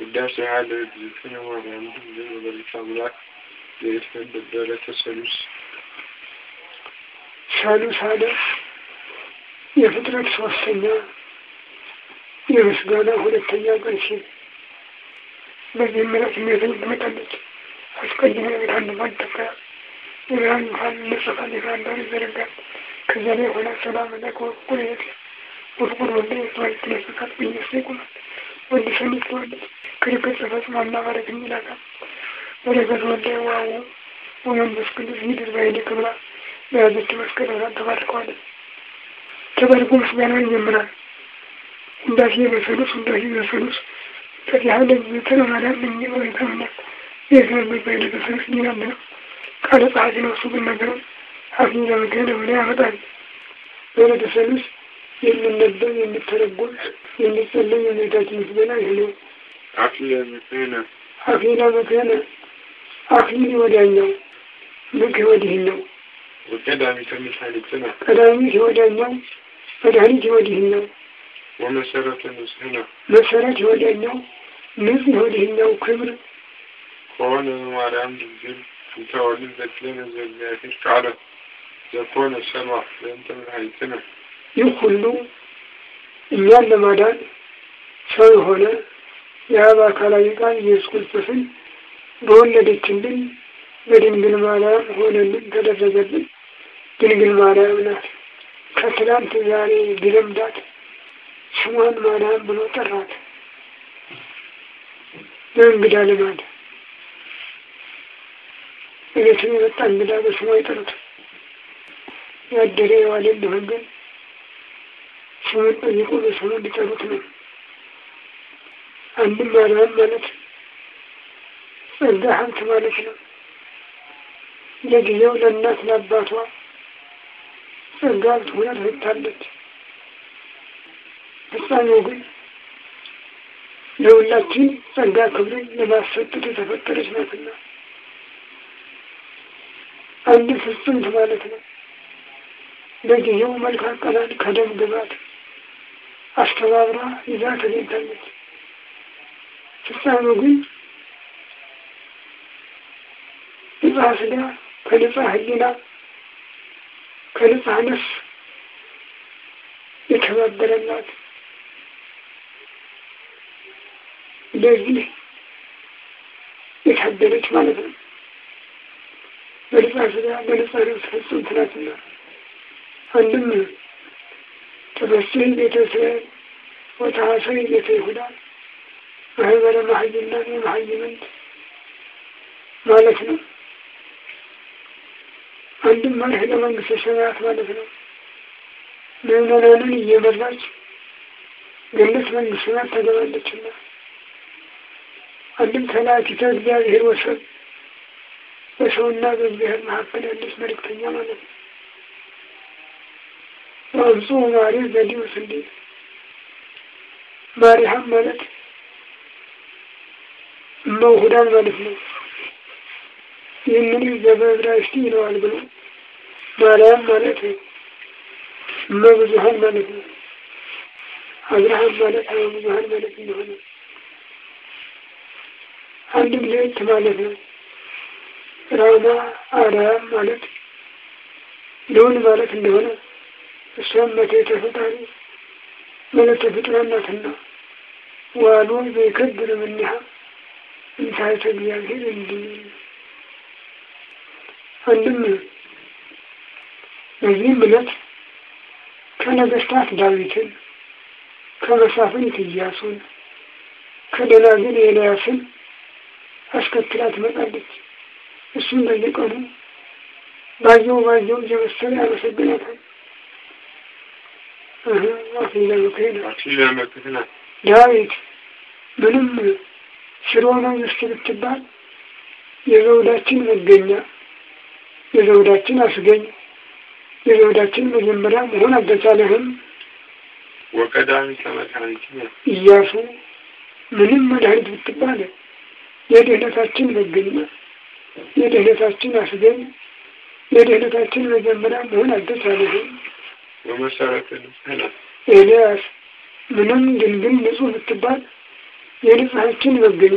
ውዳሴ ያለ እግዚአብሔር ወራም ድል ወለተ አምላክ ዘይፈን ደረተ ሰሉስ ሰሉስ አለ የፍጥረት ሶስተኛ የምስጋና ሁለተኛ ቀን ሲል በዚህ ምረት ምረት መቀለጥ አስቀድሞ የብርሃን ማጠቃ የብርሃን ውሃን መጽፋን የብርሃን ዳር ይዘረጋል ከዚያ ላይ የሆነ ሰላም ነክ ወቁር የት ቁርቁር ወንደ የተዋል ትነሰካት ብኘስ ይቁማል ወንድ ሰሚት ተዋለች ክርክር ጽፈት ማማከረት የሚል ወደ ገዝወልደ ዋው ወመንፈስ ቅዱስ ይድር ባይልክ ብላ በያዘች መስቀል እሳት ተባርከዋለች። ተባርኮ ምስጋና ይጀምራል። እንዳሴ በሰሉስ እንዳሴ በሰሉስ ተዚሀለ ዘተነ ማርያም እኚህ ወይታምና የእስራኤል በባይለ ተሰሉስ ይላል ነው ቃለ ጸሐፊ ነው። እሱ ግን ነገሩን አፍ ለምክህን ብለ ያመጣል። በቤተሰብ ውስጥ የሚነበብ የሚተረጎም የሚጸለይ የእመቤታችን ምስጋና አክሊለ ምክህነ አክሊለ ምክህነ አክሊል ወዳኛው ምክህ ወዲህኛው ወቀዳሚተ መድኃኒትነ ቀዳሚት ወዳኛው መድኃኒት ወዲህኛው ወመሰረተ ንጽሕነ መሰረት ወዳኛው ንጽሕ ወዲህኛው ክብር ከሆነ ማርያም ድንግል እንተወልድ በክለነ ዘእግዚአብሔር ቃለ ዘኮነ ሰብአ ለእንተ መድኃኒትነ ይህ ሁሉ እኛን ለማዳን ሰው የሆነ የአብ አካላዊ ቃል ኢየሱስ ክርስቶስን በወለደችልን በድንግል ማርያም ሆነልን ተደረገልን። ድንግል ማርያም ናት። ከትናንት ዛሬ ቢለምዳት ስሟን ማርያም ብሎ ጠራት። በእንግዳ ልማድ እቤት የመጣ እንግዳ በስሟ አይጠሩት። ያደረ የዋለ እንደሆን ግን ስሙን ጠይቆ በስሙ እንዲጠሩት ነው። አንድም ያለውን ማለት እንደ ሀብት ማለት ነው። የጊዜው ለእናት ለአባቷ ጸጋ ልትሆና ተሰጥታለች። ፍጻሜው ግን ለሁላችን ጸጋ ክብርን ለማሰጠት የተፈጠረች ናትና አንድ ፍጽምት ማለት ነው። ለጊዜው መልክ አቀላል ከደም ግባት አስተባብራ ይዛ ተገኝታለች። ፍጻሜ ግን ንጻ ስጋ ከንጻ ህሊና ከንጻ ነፍስ የተባበረላት ለዚህ የታደለች ማለት ነው። በንጻ ስጋ በንጻ ነፍስ ፍጹምት ትናትና አንድም ተበስህ ቤተ እስራኤል ወተሐሰይ ቤተ ይሁዳ ማህበረ መሀይምና መሀይምን ማለት ነው። አንድም መልህ ለመንግስተ ሰማያት ማለት ነው። ምዕመናንን እየመራች ገነት መንግስተ ሰማያት ተገባለችና አንድም ተላቲተ እግዚአብሔር ወሰብ በሰውና በእግዚአብሔር መካከል ያለች መልእክተኛ ማለት ነው። በአብፁ ማሪ ዘዲዮስ እንዴ ማሪያም ማለት መውሁዳን ማለት ነው። ይህንን ዘበብራሽቲ ይለዋል ብሎ ማርያም ማለት እመብዙሀን ማለት ነው። አብርሃም ማለት ብዙሀን ማለት እንደሆነ አንድም ልዕልት ማለት ነው። ራማ አርያም ማለት ልዑል ማለት እንደሆነ እሷም መቴ ተፈጣሪ መለተ ፍጡራን ዋሉ ዘይከብር እምኔሃ انتهيت باليمين عندي ወንድም በዚህም ዕለት ከነገሥታት ዳዊትን ከመሳፍንት ኢያሱን ከደናግል ኤልያስን አስከትላ ትመጣለች። እሱም በየቀኑ ባየው ባየው እየመሰለ ያመሰግናታል። አክሊለ ምክሕና ዳዊት ምንም ስለሆነ መንግስት ብትባል የዘውዳችን መገኛ የዘውዳችን አስገኝ የዘውዳችን መጀመሪያ መሆን አልተቻለህም። ወቀዳሚ ከመድኃኒት እያሱ ምንም መድኃኒት ብትባል የድህነታችን መገኛ የድህነታችን አስገኝ የድህነታችን መጀመሪያ መሆን አልተቻለህም። ወመሰረተ ኤልያስ ምንም ድንግል ንጹህ ብትባል የንጽሐችን መገኛ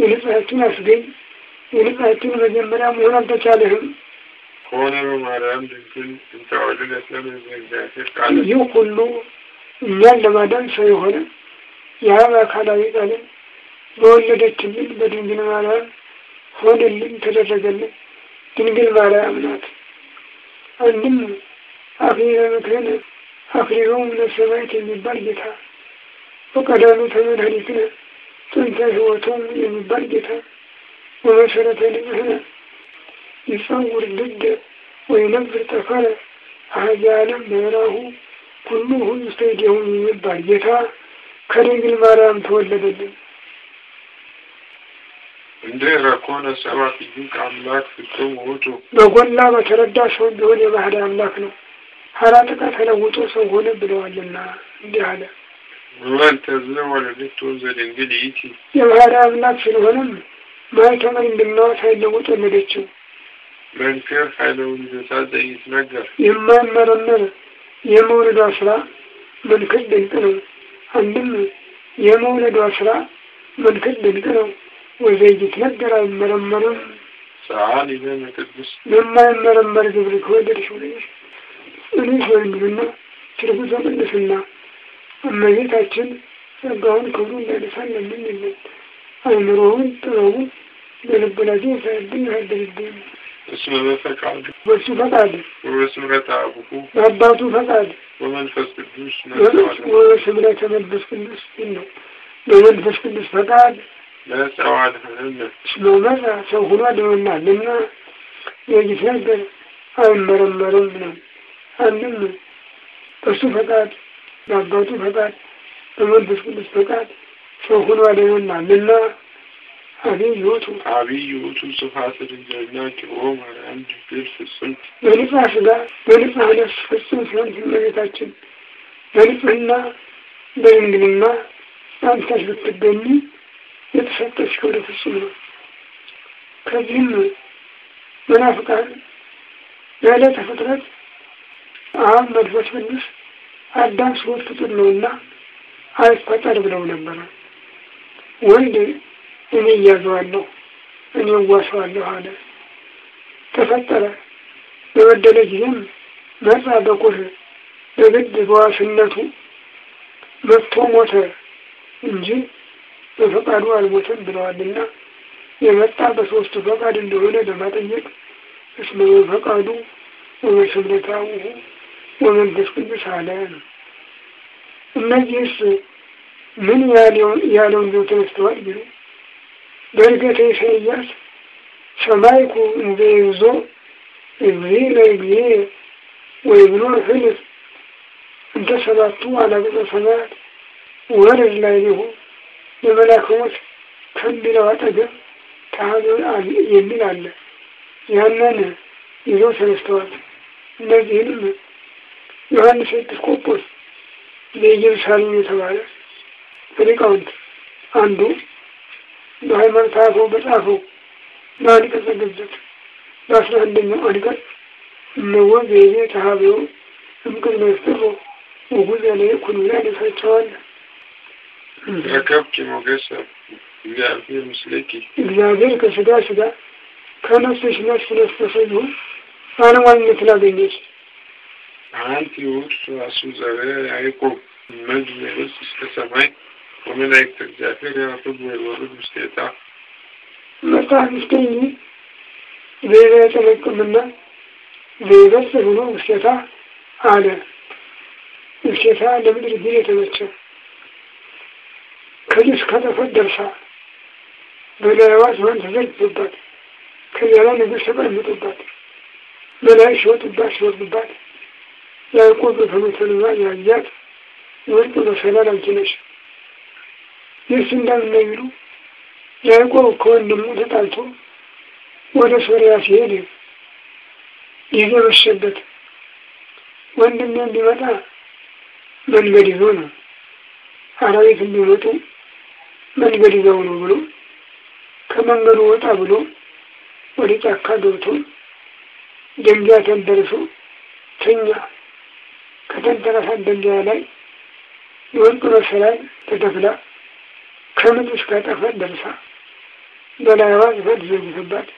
የንጽሐችን አስገኝ የንጽሐችን መጀመሪያ መሆን አልተቻለህም። ይህ ሁሉ እኛን ለማዳን ሰው የሆነ የአብ አካላዊ ቃልን በወለደችልን በድንግል ማርያም ሆንልን ተደረገልን። ድንግል ማርያም ናት። አንድም አክሊለ ምክህን አክሊሎም ለሰማዕት የሚባል ጌታ በቀዳሚ ተመድኃኒትነ ጥንተ ሕይወቶም የሚባል ጌታ በመሰረተ ልምሕነ ይጸውር ልደ ወይነብር ጠፈረ አህያለ ምዕራሁ ሁሉ ሁሉ ስተዲሆን የሚባል ጌታ ከድንግል ማርያም ተወለደልን። እንደ ረኮነ አምላክ ፍጹም ውጡ በጎላ በተረዳ ሰው ቢሆን የባህሪ አምላክ ነው። ሀራ ጥቃ ተለውጦ ሰው ሆነ ብለዋልና እንዲህ አለ። እናንተ ስለወለደች ተወዘደ እንግዲህ ይቺ የባህርያት እናት ስለሆነም ማኅተመን እንድናወት ኃይለውጥ ወለደችው። መንክር ኃይለውን ዘሳዘ ይትነገር የማይመረመር የመውለዷ ስራ መንክር ድንቅ ነው። አንድም የመውለዷ ስራ መንክር ድንቅ ነው። ወዘይት ነገር አይመረመርም። ሰዓል ይዘን ቅዱስ የማይመረመር ግብር ከወደድሽ ወለደሽ እኔ ወንድምና ትርጉዘ ቅድስና እመቤታችን ጸጋዋን ክብሩ እንዳይነሳን ለምኝልን። አእምሮውን ጥበቡን በልቡናችን ያሳያብን ያሳደርብን። በፈቃዱ በሱ ፈቃድ አቡሁ በአባቱ ፈቃድ ወመንፈስ ቅዱስ መንፈስ ቅዱስ ነው። በመንፈስ ቅዱስ ፈቃድ ለጸዋል ሰው ሁኖ አድሮናልና የጊት ነገር አይመረመርም ነው አንም በሱ ፈቃድ በአባቱ ፈቃድ በመንፈስ ቅዱስ ፈቃድ ሰው ሆኗልና እና ምና ውእቱ አብይ ጽፋት ድንግልና ኪሮም አንድ ግል ፍጽም በንጹሕ ስጋ በንጹሕ ነፍስ ፍጽም ሲሆን እመቤታችን በንጽሕና በድንግልና አንተሽ ብትገኝ የተሰጠች ክብር ፍጹም ነው። ከዚህም መናፍቃን ያለ ተፍጥረት አሁን መንፈስ ቅዱስ አዳም ሶስት ቁጥር ነውና አይፈጠር ብለው ነበረ። ወንድ እኔ እያዘዋለሁ እኔ እዋሰዋለሁ አለ። ተፈጠረ። በበደለ ጊዜም መጣ በኩር በግድ በዋስነቱ መጥቶ ሞተ እንጂ በፈቃዱ አልሞተም ብለዋልና የመጣ በሶስቱ ፈቃድ እንደሆነ ለማጠየቅ እስመ ፈቃዱ ወመሰምረታውሁ ወመንፈስ ቅዱስ አለ ነው። እነዚህስ ምን ያለውን ያለውን ተነስተዋል ቢሉ በእርገተ ኢሳይያስ ሰማይኩ እንዘ ይዞ እብሪለ ጊዜ ወይ ህልፍ እንተ ሰባቱ አላገጠ ሰማያት ወርድ ላይ ሊሁ ከሚለው አጠገብ ተሀዘን የሚል አለ። ያንን ይዘው ተነስተዋል። እነዚህንም ዮሐንስ ኤጲስ ለኢየሩሳሌም የተባለ ከሊቃውንት አንዱ በሃይማኖት አበው በጻፈው በአንቀጸ ገዘት በአስራ አንደኛው አንቀጽ እነሆ ዘይቤ ተሀበው እምቅድመ ይፍጥሩ ወጉዘ ለይኩን ብላ ደሳቸዋል ረከብኪ ሞገሰ እግዚአብሔር ምስሌኪ እግዚአብሔር ከስጋ ስጋ ከነፍስሽ ነፍስ ነስተሰ ይሁን አለማንነት አገኘች አንቲ ውእቱ አሱ ዘረ ያዕቆብ እመድን የብጽ እስከ ሰማይ ወመላእክተ እግዚአብሔር ያዕቆብ ወይወሉድ ውስቴታ መጽሐፍ ይስገኝ ዜና የጠለቅምና ዘይበጽ ብሎ ውስቴታ አለ። ውስቴታ ለምድር ጊዜ የተመቸው ከዲስ ከተፈት ደርሳ በላይዋ ሲሆን ተዘግቶባት ከዚያ ላይ ንጉሥ ተቀምጡባት በላይ ሲወጡባት ሲወርዱባት ያዕቆብ በተመተልባ ያያት ወርቅ በሰላል አጅነች። ይህስ እንዳልነቢሉ ያዕቆብ ከወንድሙ ተጣልቶ ወደ ሶርያ ሲሄድ ጊዜ መሸበት። ወንድሜ እንዲመጣ መንገድ ይዞ ነው፣ አራዊት እንዲመጡ መንገድ ይዘው ነው ብሎ ከመንገዱ ወጣ ብሎ ወደ ጫካ ገብቶ ደንጊያ ተንደርሶ ተኛ። ከተንተረሰ ደንጃ ላይ የወንዱ ርዕስ ላይ ተደፍና ከምን እስካጠፈ ደርሳ በላይዋ ዝፈት ዘጉትባት።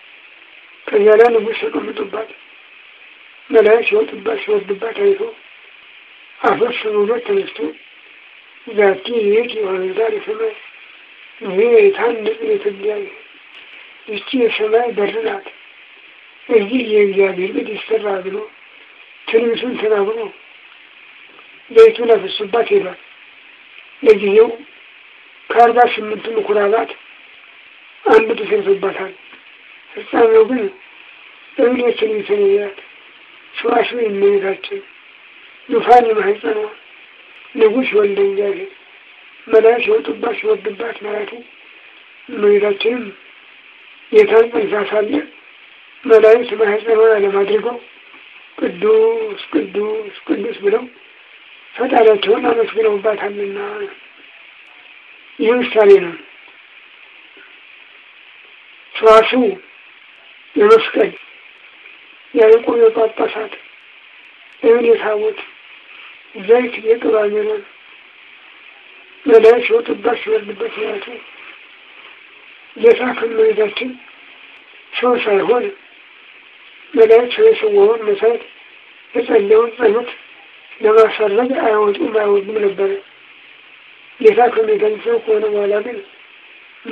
ከዚያ ላይ ንጉሥ ተቀምጡባት በላይ ሲወጡባት ሲወርዱባት አይቶ አፈር ስብሎ ተነስቶ ዛቲ ይህት የሆነዛ የሰማይ ይህ የታንቅ የትግዚአብሔር ይቺ የሰማይ በር ናት እዚህ የእግዚአብሔር ቤት ይሰራ ብሎ ትንቢቱን ተናግሮ ለይቱ ነፍሱባት ሄዷል። ለጊዜው ከአርባ ስምንቱ ምኩራባት አንዱ ተሰርቶባታል። ፍጻሜው ግን እብሌችን የተለያት ሰዋሽ የእመቤታችን ዙፋን የማህፀኗ ንጉሥ ወልደ እግዚአብሔር መላእክት ሲወጡባት ሲወርዱባት ማለቱ እመቤታችንም ጌታን ጸንሳ ሳለ መላእክት አለም አድርገው ቅዱስ ቅዱስ ቅዱስ ብለው ፈጣሪያቸውን አመስግነውባታልና ይህ ምሳሌ ነው። ሰዋሱ የመስቀል የያዕቆብ የጳጳሳት እህል የታቦት ዘይት የቅባ ገናን መላይ ሲወጡባት ሲወርድበት ያቱ ጌታ ከመሬታችን ሰው ሳይሆን መላእክት ሰው የሰዋውን መሰረት የጸለውን ጸሎት ለማፈላለግ አያወጡም አያወጡም ነበረ። ጌታ ከሚገልጸው ከሆነ በኋላ ግን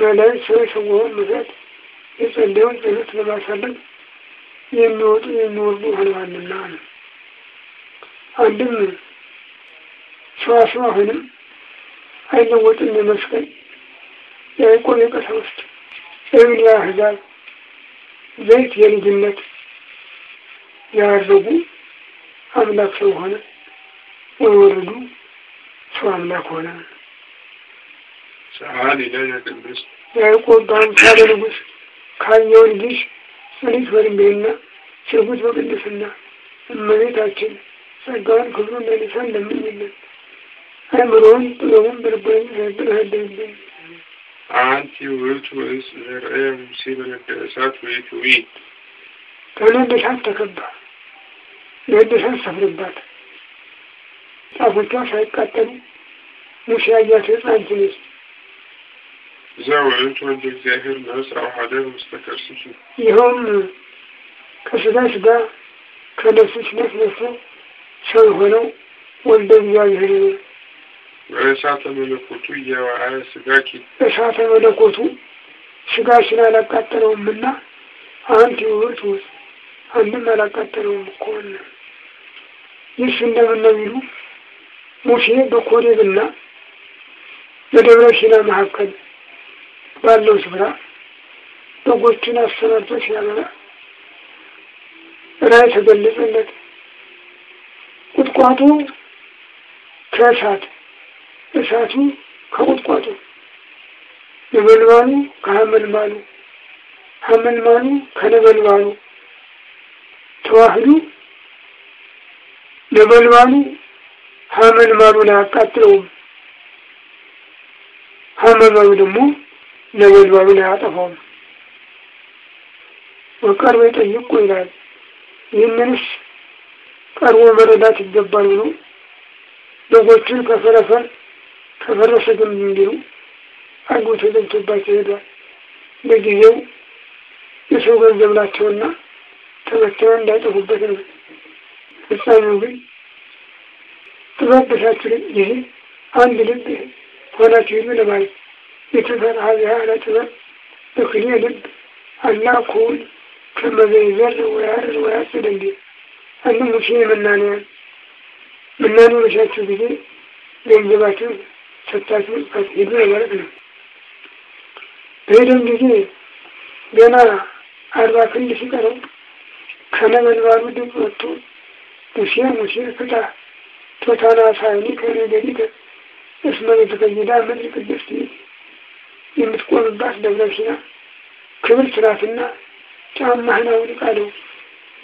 መለስ ሰው የሰዋውን መስረት የጸለየውን ጸሎት ለማሳለግ የሚወጡ የሚወርዱ ሆነዋልና ነው። አንድም ሰዋሰው አሁንም አይለወጥም። የመስቀል የያዕቆብ የቀሳውስት እብን የአሕዛብ ዘይት የልጅነት ያደረጉ አምላክ ሰው ሆነ። ወወልዱ ሰው አምላክ ሆነ። ሰዓሊ ለነ ቅዱስ ያዕቆብ በአምሳለ ንጉሥ ካየውን ልጅ ጽሊት በድንግልና ስርጉት በቅድስና እመቤታችን ጸጋዋን ክብሩ መልሳ እንደምንለን አእምሮውን ጥበቡን በልቦናችን ሳይብር አደልብን። አንቲ ውእቱ እፅ ዘርአ ሙሴ በነደደ እሳት ወኢትዊ ከነደሳት ተከባ ነደሳት ሰፍርባት ጻፎቿ ሳይቃጠሉ ሙሴ ያያት ህፃን እዚያ ዘውዕቱ ወንድ እግዚአብሔር ለህፅራ ሓደ ምስለ ከርሲሱ ይኸውም ከስጋ ስጋ ከነፍስ ነፍስ ነፍስ ሰው የሆነው ወልደ እግዚአብሔር በእሳተ መለኮቱ እያዋሃ ስጋ ኪ እሳተ መለኮቱ ስጋ አላቃጠለውም አላቃጠለውምና አንድ ውርት ውስጥ አንድም አላቃጠለውም እኮ ይህ እንደምን ነው የሚሉ ሙሴ በኮሬብና በደብረ ሲና መካከል ባለው ስፍራ በጎቹን አሰናድቶ ሲያበራ ራእይ ተገለጸለት። ቁጥቋጦ ከእሳት እሳቱ ከቁጥቋጦ ነበልባሉ ከሐመልማሉ ሐመልማሉ ከነበልባሉ ተዋህዱ ነበልባሉ ማሉን አያቃጥለውም። ማሉ ደግሞ ነበልባሉን አያጠፋውም። በቀርቦ የጠይቁ ይላል። ይህንንስ ቀርቦ መረዳት ይገባል ብሎ በጎቹን ከፈረፈር ከፈረሰ ግንብ እንዲሉ አግቡ ተዘግቶባቸው ሄዷል። ለጊዜው የሰው ገንዘብ ናቸውና ተበትነው እንዳይጠፉበት ነው። ፍጻሜው ግን ጥበብሳችሁን ይህ አንድ ልብ ሆናችሁ ይሉ ለማለት የተፈራ ጥበብ እክሌ ልብ አላኩን ከመዘይዘር ወያርን ወያስድ እንዲ አንድ ሙሴ መናንያን መናን መሻችሁ ጊዜ ገንዘባችሁን ሰጥታችሁ ሄዱ ለማለት ነው። በሄደም ጊዜ ገና አርባ ክንድ ሲቀረው ከነበልባሉ ድምፅ ወጥቶ ሙሴ ሙሴ ፍታ ተተናሳይኒ ከረደሪተ እስመ የተፈየዳ ምድር ቅድስት የምትቆምባት ደብረ ሲና ክብርት ናትና ጫማህን አውልቅ አለው።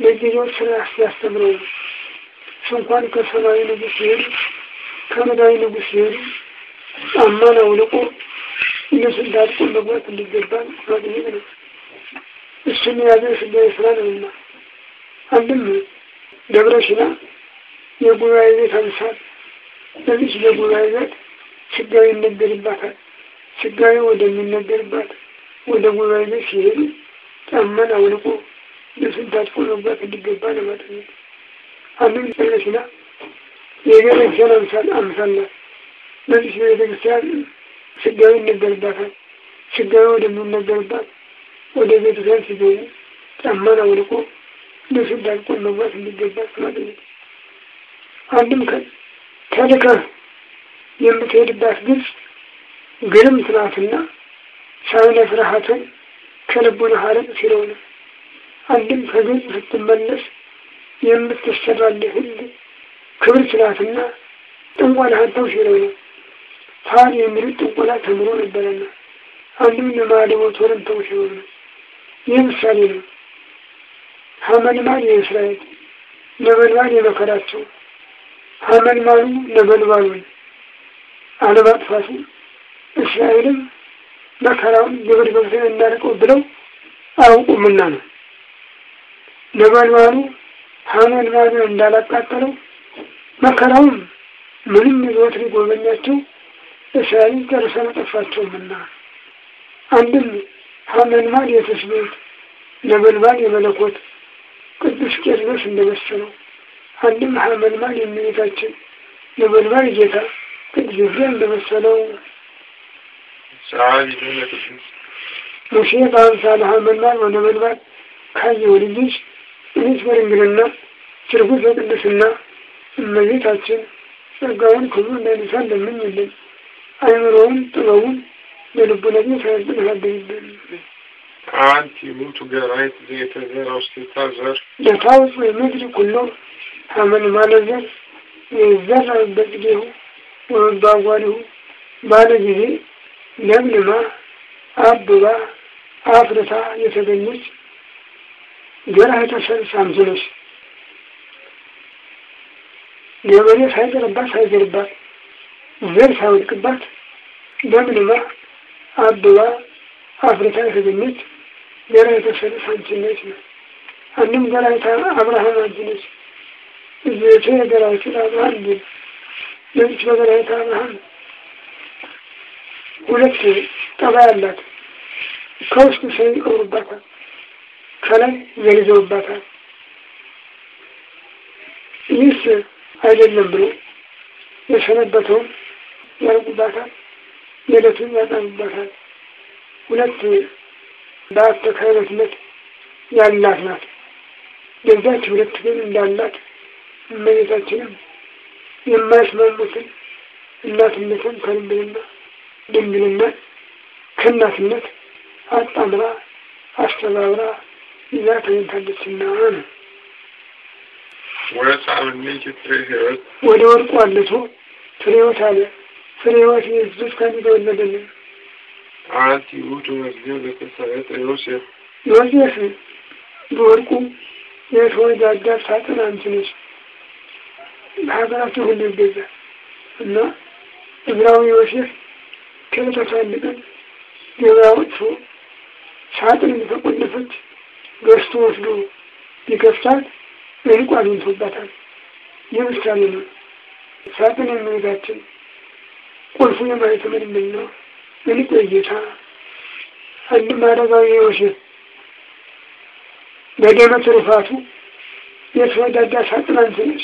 ለጊዜው ስራ ሲያስተምረው ስንኳን ከሰማያዊ ንጉሥ ይሄዱ ከምድራዊ ንጉሥ ይሄዱ ጫማን አውልቆ እነሱ እንዳጥቆ መግባት እንዲገባን ማግኘት ነው። እሱን የያዘ ስጋ ስራ ነውና አንድም ደብረ ሲና የጉባኤ ቤት አንሳት። በዚች በጉባኤ ቤት ችጋዊ ይነገርባታል። ችጋዊ ወደሚነገርባት ወደ ጉባኤ ቤት ሲሄዱ ጫማን አውልቆ ልብሱን ታጥቆ መግባት እንዲገባ ለማጠየቅ አንዱን ጸለሲና የቤተክርስቲያን አምሳል አምሳላት በዚች ቤተክርስቲያን ችጋዊ ይነገርባታል። ችጋዊ ወደሚነገርባት ወደ ቤተክርስቲያን ሲገቡ ጫማን አውልቆ ልብሱን ታጥቆ መግባት እንዲገባ ለማጠየቅ አንድም ቀን ተልከህ የምትሄድባት ግብፅ ግርምት ትናትና ሳይነ ፍርሃትን ከልቡና ሀረቅ ሲለው ነው። አንድም ከግብፅ ስትመለስ የምትሰራልህ ህል ክብር ትናትና ጥንቆላህን ተው ሲለው ነው። ታር የሚሉት ጥንቆላ ተምሮ ነበረና አንድም ለማለቦቶርን ተው ሲለው ነው። ይህ ምሳሌ ነው። ሀመልማል የእስራኤል ነበልባል የመከራቸው አመልማሉ ነበልባሉ አለማጥፋቱ እስራኤልም መከራውን ግብር ገብተን እናርቀው ብለው አያውቁምና ነው። ነበልባሉ ሀመልማሉ እንዳላቃጠለው መከራውም ምንም ይዞት ሊጎበኛቸው እስራኤልን ጨርሳ አጠፋቸውምና አንድም ሀመልማል የተስቤት ነበልባል የመለኮት ቅዱስ ቄርሎስ እንደመሰለው አንድም አመልማል የእመቤታችን የመልማል ጌታ ቅዱስ ኤፍሬም እንደመሰለው ሙሴ በአምሳልሃ መልማል ወነመልማል ካየው ልጅሽ እንስ በድንግልና ትርጉት በቅድስና እመቤታችን ጸጋውን ክብሩ እንዳይነሳ እንደምኝልን አይምሮውን ጥበቡን የልቡ ነቢ ሳያዝን አንቲ ሙቱ ገራይት ዘየተዘራ ውስቴታ ዘር የታውፁ የምድር ኩሎ አመን ማለት ዘር ይዘራበት ጊዜሁ ወመባጓሪሁ ባለ ጊዜ ለምልማ አብባ አፍርታ የተገኘች ገራ ሰልስ አምስለሽ ገበሬ ሳይዘርባት ሳይዘርባት ዘር ሳይወድቅባት ለምልማ አብባ አፍርታ የተገኘች ገራ ሰልስ አንቺ ነው። አንድም ገራ አብርሃም አንቺ እዜቱ ነገራችን አብርሃም እንዲል ለዚች በበላይት አብርሃም ሁለት ጠባይ አላት። ከውስጡ ሰው ይቀብሩባታል፣ ከላይ ዘልዘውባታል። ይህስ አይደለም ብሎ የሰነበተውን ያርጉባታል፣ የዕለቱን ያጠኑባታል። ሁለት በአተካይነትነት ያላት ናት። በዛች ሁለት ግን እንዳላት እመቤታችንም የማይስማሙትን እናትነትን ከድንግልና ድንግልና ከእናትነት አጣምራ አስተባብራ ይዛ ተኝታለችና ነው። ወደ ወርቁ አለቶ ፍሬወት አለ ፍሬወት ሕይወት የኢየሱስ ከሚዘ ወለደልን አንቲ ውእቱ ዮሴፍ ዮሴፍ በወርቁ የተወዛጋ ሳጥን አንቺ ማህበራቸው ሁሉ ይገዛል እና እግራዊ ዮሴፍ ከዕለታት ገበያ ወጥቶ ሳጥን እንደተቆለፈች ገዝቶ ወስዶ ቢከፍታት እልቁ አግኝቶባታል። ይህ ምሳሌ ነው። ሳጥን የመሄዳችን ቁልፉ የማየት ምንምን ነው። እልቁ የጌታ አንድም አረጋዊ ዮሴፍ በደመ ትሩፋቱ የተወዳዳ ሳጥን አንስነች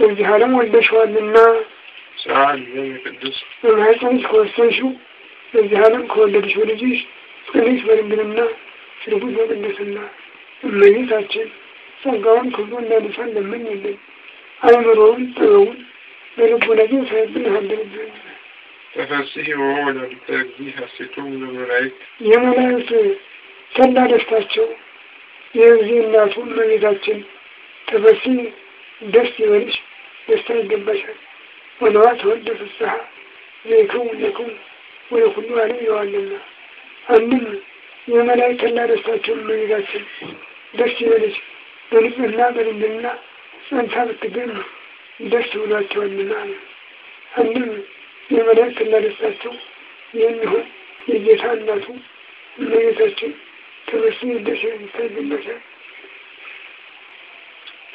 በዚህ ዓለም ወልደሸዋልና ስራን ቅዱስ ከወሰንሽው በዚህ ዓለም ከወለድሽው ልጅሽ ጽንዕት በድንግልና ስርጉት በቅድስና እመቤታችን ጸጋውን ክብሩን ለንሳን ለምኝልን። አእምሮውን ጥበውን ነገር ሳይብን አደርግን ተፈስሒ ወለብተ እግዚእ ሐሴቱ ለመላእክት የመላእክት ሰላ ደስታቸው የዚህ እናቱ እመቤታችን ተፈስሒ ደስ ይበልሽ ደስታ ይገባሻል። ወነዋ ተወልደ ፍስሐ ዘይከው ለኩም ወለኩሉ ዓለም ይዋልና አንድም የመላእክትና ደስታቸውን እመቤታችን ደስ ይበልሽ በንጽህና በልምድና ጸንታ ብትገኝ ደስ ብሏቸዋልና ነው። አንድም የመላእክትና ደስታቸው የሚሆን የጌታ እናቱ እመቤታችን ተመስገን ደስ ይበልሽ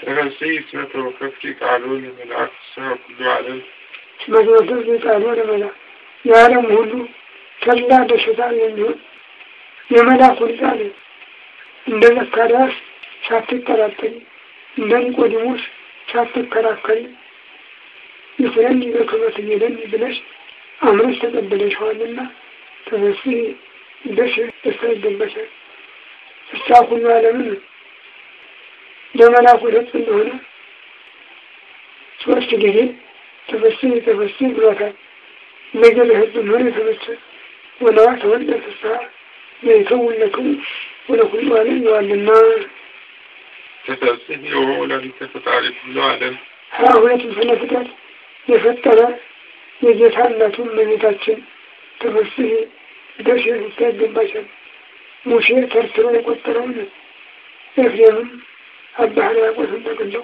ተከልሰይት መክረው ከፍቲ ቃሉ ለመልአክ ሰው ሁሉ ዓለም መድረሰብ ቃሉ ለመልአክ የዓለም ሁሉ ከላ ለሸጣን የሚሆን የመልአክ ሁሉ ቃል እንደ ዘካርያስ ሳትጠራጠሪ፣ እንደ ኒቆዲሞስ ሳትከራከሪ ይሁረኒ በከመ ትቤለኒ ብለሽ አምነሽ ተቀበለሽዋልና ተነስሒ ደስ ደስታ ይገባሻል። እሳ ሁሉ ዓለምን زمنا خودت اندونه سوشت دیگه تبسیم تبسیم بلاتا نگل هد دنوری تبسیم ونا تولد تسا نیتون لکم ونخل مالی نوال النار تتبسیم یعولا تتتعرف نوالا ها هو يتفن فتات يفتر يجيسان لتم من تاتشن تبسيه دشن تاتشن بشن مشير ترترون قطرون افريهم አባ ሕርያቆስ እንደት እንደው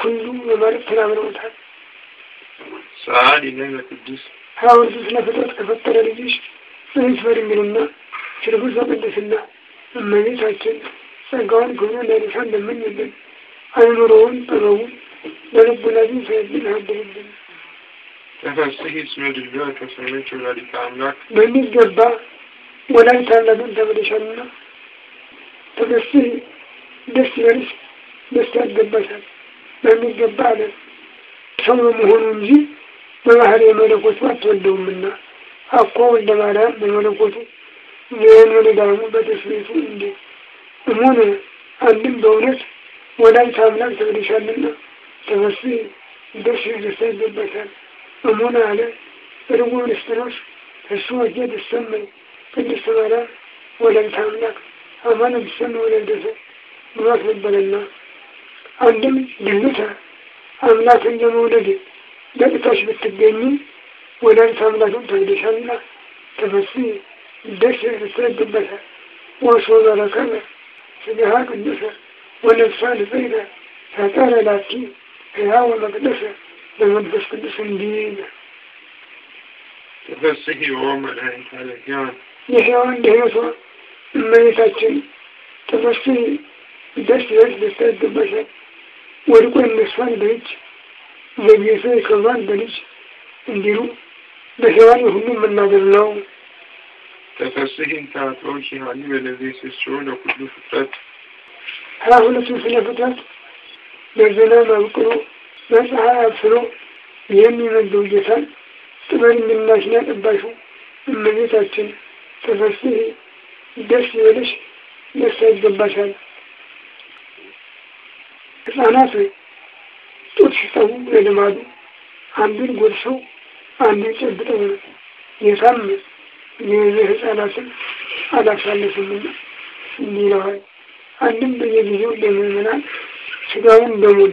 ሁሉም በማለት ተናግረውታል። ሰዓሊ ለነ ቅዱስ ሐዋርያቱ ስለ ፍጥረት ከፈጠረ ልጅሽ ጽንስ በድንግልና ስርጉዝ በቅድስና እመቤታችን ጸጋዋን ክብሮ ለሪሳ እንደምንልን ጥበቡን ለልቡናችን ሳይብን አድርብን ተፈስሒ እስመ ድንግል ወላዲተ አምላክ በሚገባ ወላዲተ አምላክን ተመለሻልና ተፈስሒ ደስ ይበልሽ ደስታ ያገባታል በሚገባ አለ ሰው በመሆኑ እንጂ በባህሪ የመለኮቱ አትወደውምና አኮ ወልደ ማርያም በመለኮቱ ይህን ወደዳሙ በተስቤቱ እንዴ እሙን አንድም በእውነት ወላዲተ አምላክ ተወደሻልና ተመስፊ ደስ ደስታ ይገባሻል እሙን አለ ርጉም ንስጥሮስ እሱ ወጀ ትሰመይ ቅድስት ማርያም ወላዲተ አምላክ አማን ትሰመይ ወለደሰ ብሏት ነበረና አንድም ልልታ አምላክን ለመውለድ ብትገኝ ወደ ወላዲተ አምላክን ተግደሻልና ተፈሲ ደስ ይሰግበታል ወሶ በረከበ ስጋሃ ቅዱሰ ወነፍሳ ልፈይለ ፈጠረ ላቲ ሕያወ መቅደሰ በመንፈስ ቅዱስ እንዲል ተፈስሒ ወመድኃኒተ ዓለም ሕያዋን ደስ ድኅነቷ ደስ ተፈስሒ ወድቆ እነሷን በልጅ ዘግይቶ የከብሯን በልጅ እንዲሉ በሔዋን የሁሉ መናገር ነው። ተፈስህን ተፈስሒን ተአትበው በለዚህ ስሶ ለሁሉ ፍጥረት ሀያ ሁለቱ ስነ ፍጥረት በዝናብ አብቅሎ በፀሐይ አብስሎ የሚመልደው ጌታን ጥበብ የሚናሽን ያጠባሹ እመቤታችን ተፈስህ ደስ ይበልሽ፣ ደስ ይገባሻል። ህፃናት ወይ ጡት ሲጠቡ ለልማዱ አንዱን ጎድሰው አንዱን ጨብጠው ነው ጌታም የዚህ ሕፃናትን አላሳለፍምና እንዲለዋል። አንድም በየጊዜው ለምዕመናን ስጋውን በሙሉ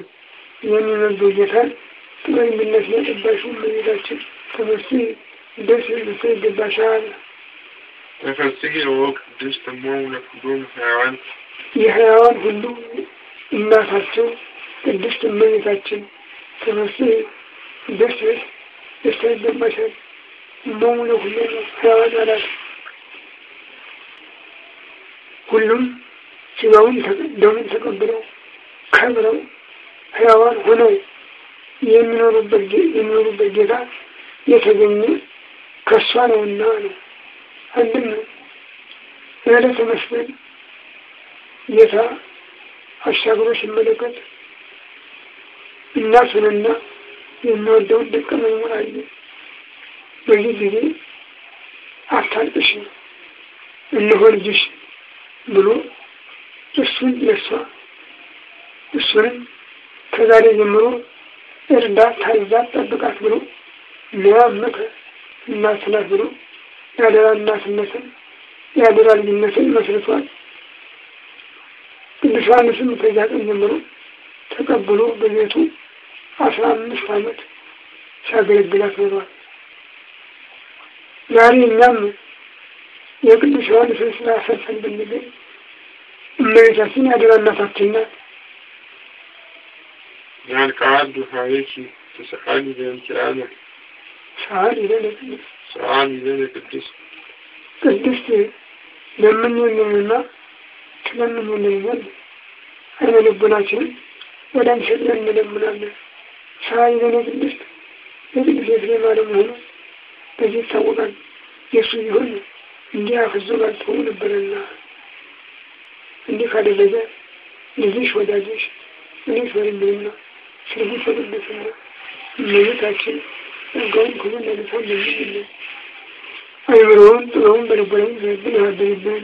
የሚመዘው ጌታን ጥበኝነት ያጠባሽ እመቤታችን ተመስሒ ደስ ልሰ ይገባሻል። ተፈሥሒ ወቅድስት እሞ ለኵሎሙ ሕያዋን የሕያዋን ሁሉ እናታችን ቅድስት እመቤታችን ትምህርት ይበስል ደስታ ይለመሳል እሞሙ ለኩሎሙ ሁሉም ስጋውን ደሙን ተቀብለው ከብረው ሀያዋን ሆነው የሚኖሩበት የሚኖሩበት ጌታ የተገኘ ከእሷ ነውና ነው። አንድም ነው። ዕለተ መስቀል ጌታ አሻግሮ ሲመለከት እናቱንና የሚወደውን ደቀ መዝሙር አየ። በዚህ ጊዜ አታልቅሽ እነሆ ልጅሽ ብሎ እሱን ለሷ እሱንም ከዛሬ ጀምሮ እርዳ፣ ታዛ፣ ጠብቃት ብሎ ለያመከ እናትናት ብሎ ያደራ እናትነትን ያደራ ልጅነትን መስርቷል። ቅዱስ ዮሐንስም ከዚያ ቀን ጀምሮ ተቀብሎ በቤቱ አስራ አምስት ዓመት ሲያገለግላት ኖሯል። ዛሬ እኛም የቅዱስ ዮሐንስን ስራ ሰርተን ብንገኝ እመቤታችን አደራ እናታችን ናት። መልክዓዱ ሀቤኪ ቅድስት ስለምንሆነ ይዘን አይነ ልቦናችንን ወደ አንቺ ሰጥተን እንለምናለን። ሰራዊዘነ ቅድስት የቅዱስ ኤፍሬም አለመሆኑ በዚህ ይታወቃል። የእሱ ቢሆን እንዲህ አፍዞ ባልተው ነበረና እንዲህ ካደረገ ልጅሽ ወዳጅሽ እኔት ወንድምና ስርጉት ወቅድስና እመቤታችን ጸጋውን ክሉ ለልሳን ለሚል አይምሮውን ጥበውን በልቦናዊ ዘብን ያደርብን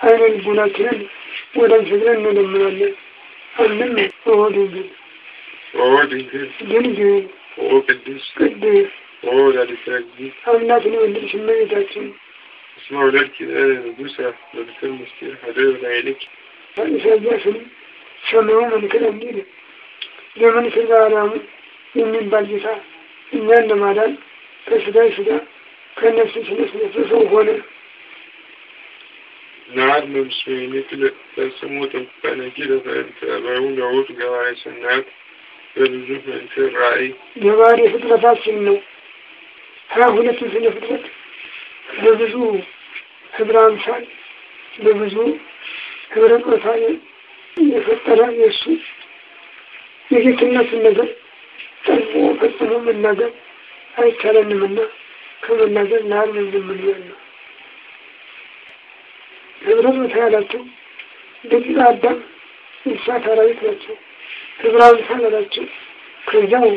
aynen buna kirin, buradan çekilen ne dönmün anne? Annem mi? Oğul döndün. Oğul döndün. Dün gün. Oğul döndün. Kıddı. Oğul döndün. Anlatını öldürüşün beni dersin. Esma öler ki Musa, Nabit'in Musti, Hadi öyle eylik. Ben seviyorsun. Sanırım onu kıran değil. Zaman sırda aramı, ümmin belgesi, ünlü anlamadan, kasıda sıda, kan nefsi sinesi nefsi olur. Naravno su i nikli, da sam utom pa nekida da je tabauna utga ovaj sanat, በብዙህ ራእይ የባህሪ ፍጥረታችን ነው። ሀያ ሁለት ስነ ፍጥረት በብዙ ህብረ አምሳል በብዙ ህብረ ጾታዊ የፈጠረ የእሱ የጌትነትን ነገር ጠርቦ ፈጽሞ መናገር አይቻለንምና ከመናገር ናር የምንል ነው። ህብረብሳ ያላቸው ደቂቀ አዳም እንስሳት አራዊት ናቸው። ህብራብሳ ያላቸው ከዚያው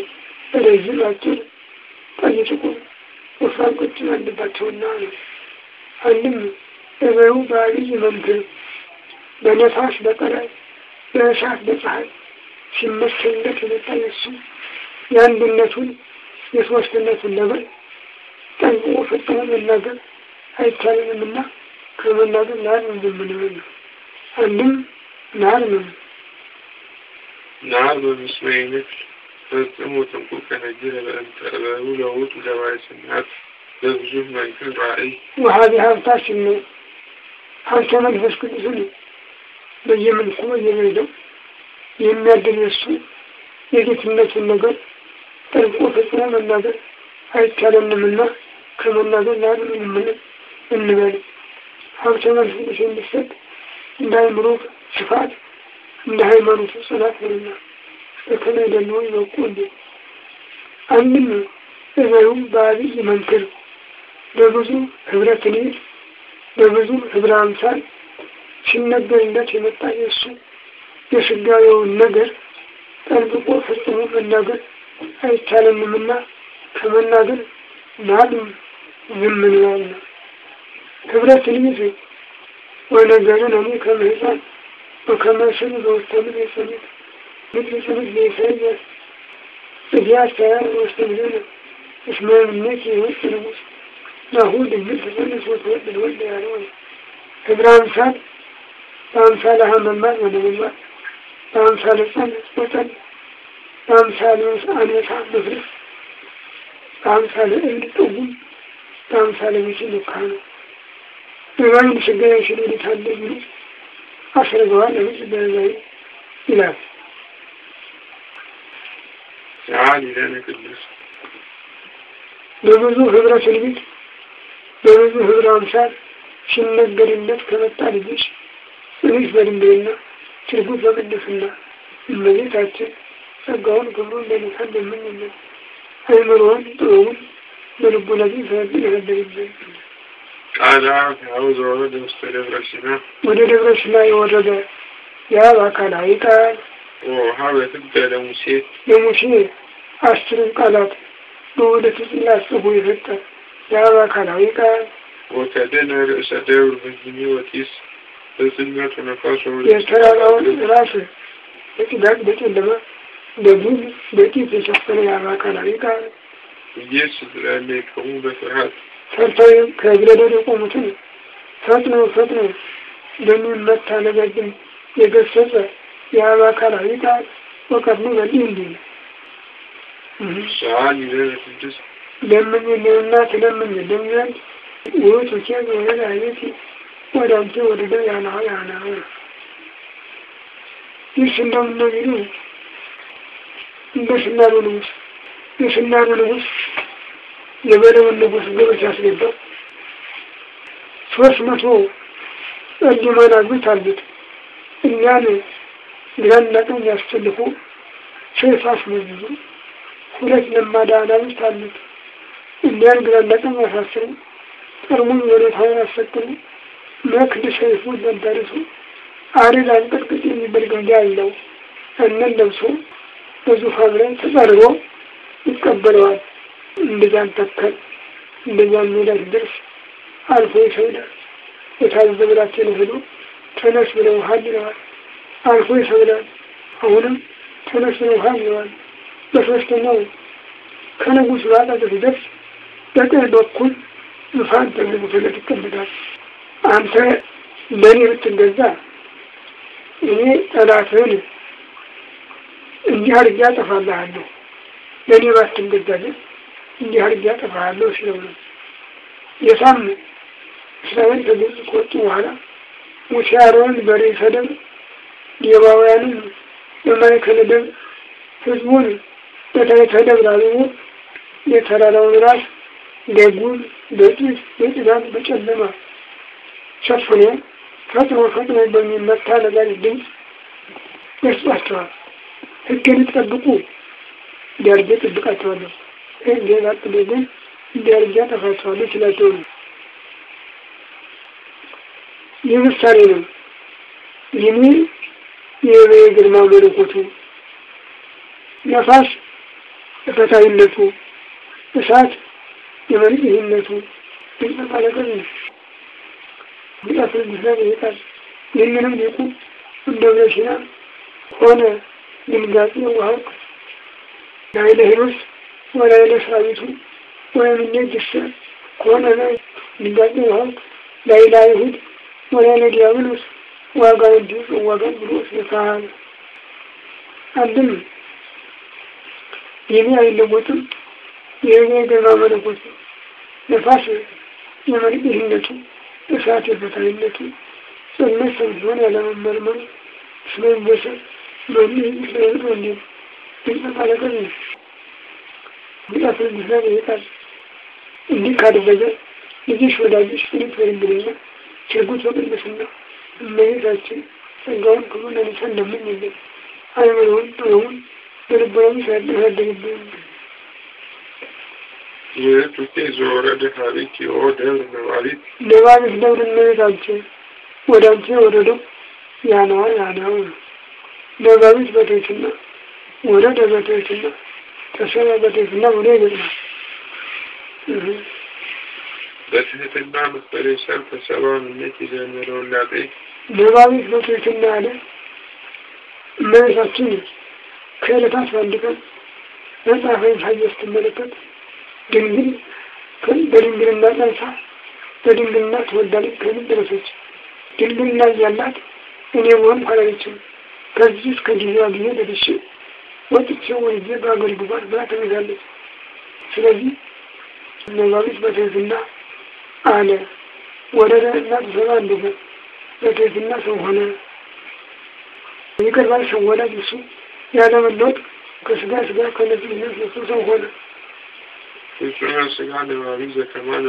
ረዥም፣ አጭር፣ ቀይ፣ ጥቁር ወፍራም አለባቸውና ነው። አንድም እበዩ በአብይ መምትር በነፋስ በቀላይ በእሳት በፀሐይ ሲመሰለት የመጣ የሱ የአንድነቱን የሶስትነቱን ለበል ጠንቅቆ ፈጥኖ መናገር አይቻለንምና ከመናገር ናር ነው የምንሆን አንድም ናር ነው ናር በምስሉ አይነት ፈጽሞ ጥንቁቅ ከነጀረ በእንጠበቡ ለውጡ ለባይ ስናት በብዙ መንክል ራእይ ውሀቢ ሀብታችን ነው ሀብተ መንፈስ ቅዱስ ነው በየመልኩ በየመሄደው የሚያድል እሱ የጌትነትን ነገር ጠንቆ ፈጽሞ መናገር አይቻለንምና ከመናገር ናር ነው የምንል እንበል ሀብተ መንፈስ እንደ ሃይማኖት ስፋት እንደ ሃይማኖቱ ጽናት ሆንና በተለይ ደግሞ ይበቁ እንዴ አንድም እበዩም በአብይ መንክር በብዙ ህብረ ትንቢት በብዙ ህብረ አምሳል ሲነበርነት የመጣ የእሱ የስጋዊውን ነገር ጠንቅቆ ፈጽሞ መናገር አይቻለንምና ከመናገር ናድም ዝም Devletinimizi öyle görünen yıkamıyorsan bakamıyorsunuz ortamı insanı. Mütlüsünüz neyseyle ihtiyaç değer oluşturduğunu İsmail'in ne ki yokturumuz Yahudi mütlüsünü sosyetli hul değerli olur. İbrahim Sad Damsal hanımlar ve hanımlar Damsal sen vatan Damsal anne sandıfır Damsal evli tohum Damsal için yukarı የባይን ስጋዬሽን ወዴት አለኝ አስርገዋል ለህዝብ በዛይ ይላል። በብዙ ህብረ ስልቢት በብዙ ህብረ አምሳል ሲነገርለት ከመጣ ልጆች ጽንዕት በድንግልና ትርጉት በቅድስና እመቤታችን ጸጋውን ክብሩን ለነሳ እንደምንለን አይምሮን ጥበቡን ለዚህ ሰበብ ያደርግልን። ቃዳ ያውዞ ደብረ ሲና ወደ ደብረ ሲና የወረደ የአብ አካላዊ ቃል ሀብረት ህገ ለሙሴ ለሙሴ አስርን ቃላት በሁለት ጽላት የሰጠ የአብ አካላዊ ቃል ወተደነ ርእሰ ደብር በዝሚ ወጢስ በጽልመቱ ነፋስ የተራራውን ራስ በጭጋግ በጨለማ በጉም በጢስ የሸፈነ የአብ አካላዊ ቃል ኢየሱስ ለሜከሙ በፍርሃት Sertayım, kaybederim umutunu. Satın ol, satın ol. Ben ümmet talep ettim. Yegessizle, yâvâ karahî kâr, fakat nûvel indîn. Şahal yüzeyiz. Lemmin yüzeyinnâti lemmin yüzeyinnâti. Uğut uçak ve öyle ayeti. Oranti orada yanağı yanağı. Yüzünden bundan yürüyor. Yüzünden yürüyor. Yüzünden yürüyor. የበለውን ንጉስ ግብር ያስገባው ሶስት መቶ እንዲመናግብት አሉት። እኛን ግራና ቀኝ ያስፈልፉ ሰይፍ አስመዝዙ ሁለት ለማዳ አናብስት አሉት። እኛን ግራና ቀኝ ያሳስሩ ጠርሙን ወደ ታውን መክድ ሰይፉን ለበረሱ አሪድ አንቀጥቅጥ የሚበል ግንዳ አለው። እነን ለብሶ በዙፋን ላይ ተጠርቦ ይቀበለዋል። እንደዛን ተከል እንደዛን ሜዳ ድርስ አልፎ ይሰግዳል። የታዘብናቸውን ሁሉ ተነስ ብለውሃል ይለዋል። አልፎ ይሰግዳል። አሁንም ተነስ ብለውሃል ይለዋል። በሶስተኛው ከንጉሥ ባላዘ ሲደርስ በቀኝ በኩል ዙፋን ተንጉሥ ለት ይቀመጣል። አንተ ለእኔ ብትገዛ እኔ ጠላትህን እንዲህ አድርጌ አጠፋልሃለሁ ለእኔ ባትገዛ ግን እንዲህ አድርጌ አጠፋለሁ ሲለው ነው። ጌታም እስራኤል ከግብፅ ከወጡ በኋላ ሙሴ አሮንን በርዕሰ ደም፣ ሌዋውያንን በማዕከለ ደም፣ ሕዝቡን በታሕተ የተራራውን ራስ ደጉን በጢስ በጭጋግ በጨለማ ሸፍኖ ፈጥኖ ፈጥኖ በሚመታ ነጋሪት ድምፅ ገስጿቸዋል። ህግን ጠብቁ፣ ዳርጌ ጥብቃቸዋለሁ። ገና ግን ደረጃ ተፈቷለች ለትውል ይህ ምሳሌ ነው። ይህ የበ ግርማ መለኮቱ ነፋስ እፈታዊነቱ፣ እሳት የመንጽህነቱ ይጠቃለቀል ነው። ጉጣት ርድስና ይቃል ይህንንም ሊቁ እንደ ብለሽና ሆነ ድንጋጤ ውሀቅ ናይለ ሄኖስ ወላይለ ሳቢቱ ወይም ንግሥ ከሆነ ላይ ድንጋጤ ይሆን ላይላ ይሁድ ወላይለ ዲያብሎስ ዋጋ እንዲሁ ዋጋ ብሎ ስለታል። አድም የኔ አይለወጥም የኔ ግርማ መለኮት ነፋስ የመልቅህነቱ እሳት የፈታይነቱ ጽነት ሰምሆን ያለመመርመር ስለሚበሰር በሚ ስለሚሆን ድምፀ ቃለቀን ነው ጉዳቱን ምክንያት ይወጣል። እንዲህ ካደረገ ልጅሽ ወዳጅሽ ችርጉት በቅድስና እመቤታችን ጸጋውን ክሉ ለንሰ እንደምንለን አይምሮውን ጥበቡን በልቦናም ሲያደርግብን የጡቴ ዘወረደ ሀሪክ የኦደር ነባሪት ነባሪት ደብር እመቤታችን ወደ አንቺ የወረደው ያነዋ ነው ነባሪት ወረደ በትሕትና ተሰራ በትህትና ሆኖ ይበላል። በትህትና መፈሬሰብ ከሰብአዊነት የጀመረውን ላጤት ለባቢት በትህትና ያለ እመቤታችን ከዕለታት አንድ ቀን መጽሐፈ ኢሳይያስ ስትመለከት ድንግል በድንግልና ጸንሳ በድንግልና ትወልዳለች ከምን ደረሰች? ድንግልና እያላት እኔ ወንድ አላለችም። ከዚህ እስከ ጊዜዋ ጊዜ ደርሼ ወጥቼ ወይዜ ጉባት ብላ ተመዛለች። ስለዚህ እመዛቤት በትህትና አለ ወረደ እና ተሰባ እንደሆ በትህትና ሰው ሆነ። ይቀርባል። ሰው ወላጅ እሱ ያለመለወጥ ከስጋ ስጋ ከነዚህ ነሱ ሰው ሆነ። ፍቅር ስጋ ለባቢ ዘከማነ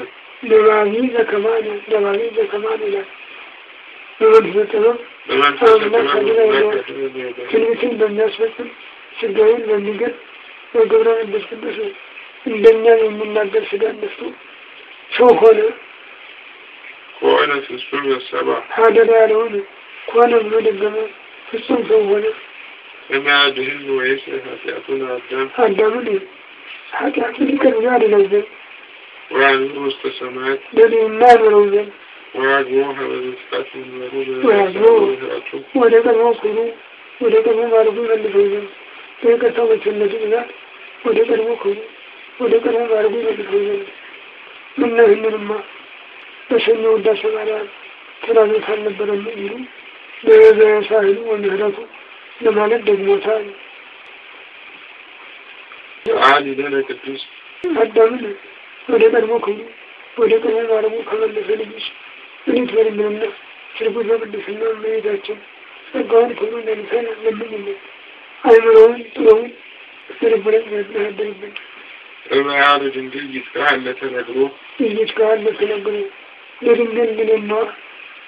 ለባቢ ዘከማነ ለባቢ ዘከማነ ይላል። በመንፈስ ጥበብ ትንቢትን በሚያስፈጽም ስጋዊን በሚገል በግብረ መንፈስ ቅዱስ እንደኛ የሚናገር ስጋ ነስቶ ሰው ሆነ ከሆነ ፍጹም ሰባ ሀደራ ያለሆነ ከሆነ ብሎ ደገመ። ፍጹም ሰው ሆነ። ከሚያድህን ወይስ ኃጢአቱን አዳም አዳምን ኃጢአቱን ይቅር ያድነው ዘንድ ሰማያት ዘንድ ወደ ቀድሞ ኩሩ ወደ ቀድሞ ማለፉ መልሰው ዘንድ የይቅርታ መቸነቱ ብዛት ወደ ቀድሞ ከሆኑ ወደ ቀድሞ ማድረጉ ይመልሰኛል። ምና ይህንንማ በሰኞ ውዳሴ ማርያም ተናግሮት አልነበረም የሚሉ በበዛያ ሳህሉ ወምህረቱ ለማለት ደግሞታል። አል ቅዱስ አዳምን ወደ ቀድሞ ክብሩ ወደ ቀድሞ ማረሙ ከመለሰ ልጅሽ እኔት በልምንና ትርጉት በቅድስና መሄዳቸው ጸጋውን ክብሩ ለሚሰን ለምንነት አይምሮውን ጥበቡን ስርብረት ያደርብን ጥበያለ ድንግል ይትካል ለተነግሮ ይትካል ለተነግሮ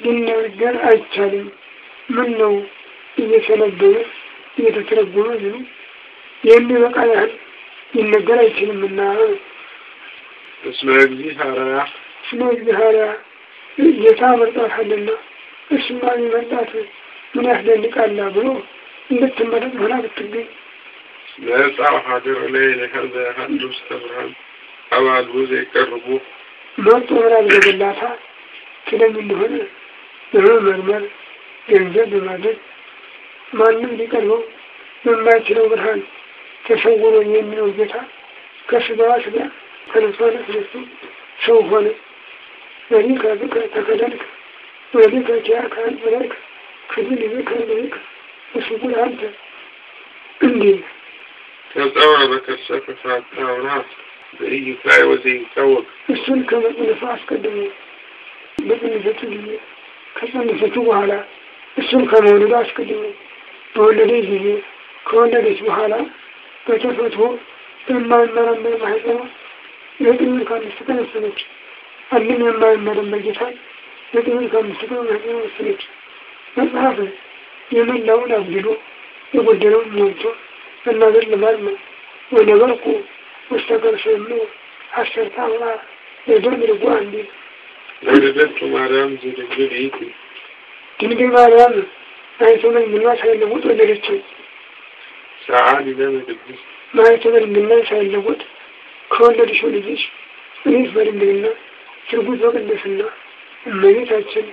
ለድንግል አይቻልም። ምን ነው እየተነበበ እየተተረጎመ ነው የሚበቃ ያህል ይነገር አይችልምና እስመ እግዚአብሔር እስመ እግዚአብሔር ጌታ መርጣታልና እርሱማ ቢመርጣት ምን ያስደንቃላ ብሎ እንድትመረጥ ሆና ብትገኝ ለህፃው ሀገር ላይ ለከዘ ሀንዱ ውስተ ብርሃን አባሉ ዘይቀርቡ መርጦ ምራን ገበላታ ትለኝ እንደሆነ በመመርመር ገንዘብ በማድረግ ማንም ሊቀርበው የማይችለው ብርሃን ተሰውሮ የሚለው ጌታ ከስጋዋ ስጋ ከነሷ ሰው ሆነ። ወዲህ ከብከ ተከደልክ ይብከ وسبل አንተ እንዲህ ተጸወረ በከሸፈ ፋታው ራስ በእይታ ወዘይታወቅ እሱን ከመጽነፉ አስቀድሞ በጽንሰቱ ጊዜ ከጸነሰቱ በኋላ እሱን ከመውለዱ አስቀድሞ በወለደች ጊዜ ከወለደች በኋላ በተፈጥሮ በማይመረመር ማህፀኗ ዘጠኝ ወር ከአምስት ቀን ወሰነች። አንድም የማይመረመር ጌታን ዘጠኝ ከአምስት ቀን ማህፀኗ ወሰነች። መጽሐፍ የመላውን አጉድሎ የጎደለውን ሞልቶ መናገር ልማድ ነው። ወነበርኩ ውስተ ከርሰሙ ሐሠርተ አእዋፍ ዘዘምርጓ እንዲል ወለደቱ ማርያም ዘድንግል ይእቲ ድንግል ማርያም ማኅተመ ድንግልናን ሳይለወጥ ወለደችው። ሰአሊ ለነ ቅድስት ማኅተመ ድንግልናን ሳይለወጥ ከወለድሽው ልጅሽ እኔት በድንግልና ትርጉት በቅድስና እመቤታችን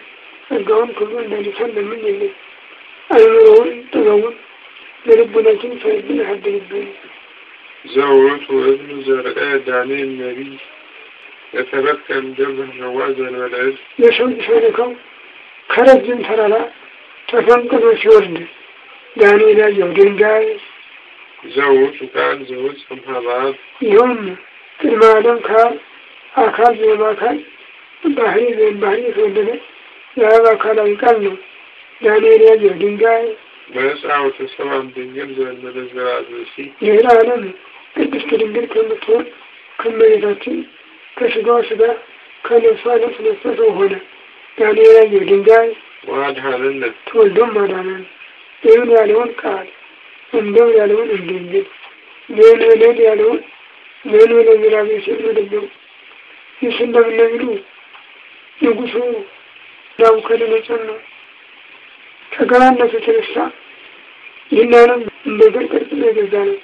ጸጋውን ክብሩን ለሊቷን ለምን የለን تزوج لربنا كن زوجت وابن زرقاء دعني النبي يتبكم دمه جوازا والعز يشهد شهدكم خرج من ترلا تفنقد وشورد دعني لا يهدين جاي زوجت وكان زوج سمها بعض يوم في المعلم كان أكل زي ما كان بحري زي بحري في الدنيا لا بكال يقلل ዳንኤል የድንጋይ በሕፃውተ ሰማም ድንግል ዘመደ ዘራዘሲ ይህን ዓለም ቅድስት ድንግል ከምትሆን ከመሬታችን ከስጋዋ ስጋ ከነፍሷ ነፍስ ነፍሰ ሰው ሆነ። ዳንኤል የድንጋይ ዋድሃንነ ተወልዶም አዳነን። ይህን ያለውን ቃል እንደው ያለውን እንደንግል ለእንበለድ ያለውን ይህ ንጉሱ ናቡከደነጾር ነው። ከገባነቱ የተነሳ ይህናንም እንደ ገርቀር የገዛ ነው።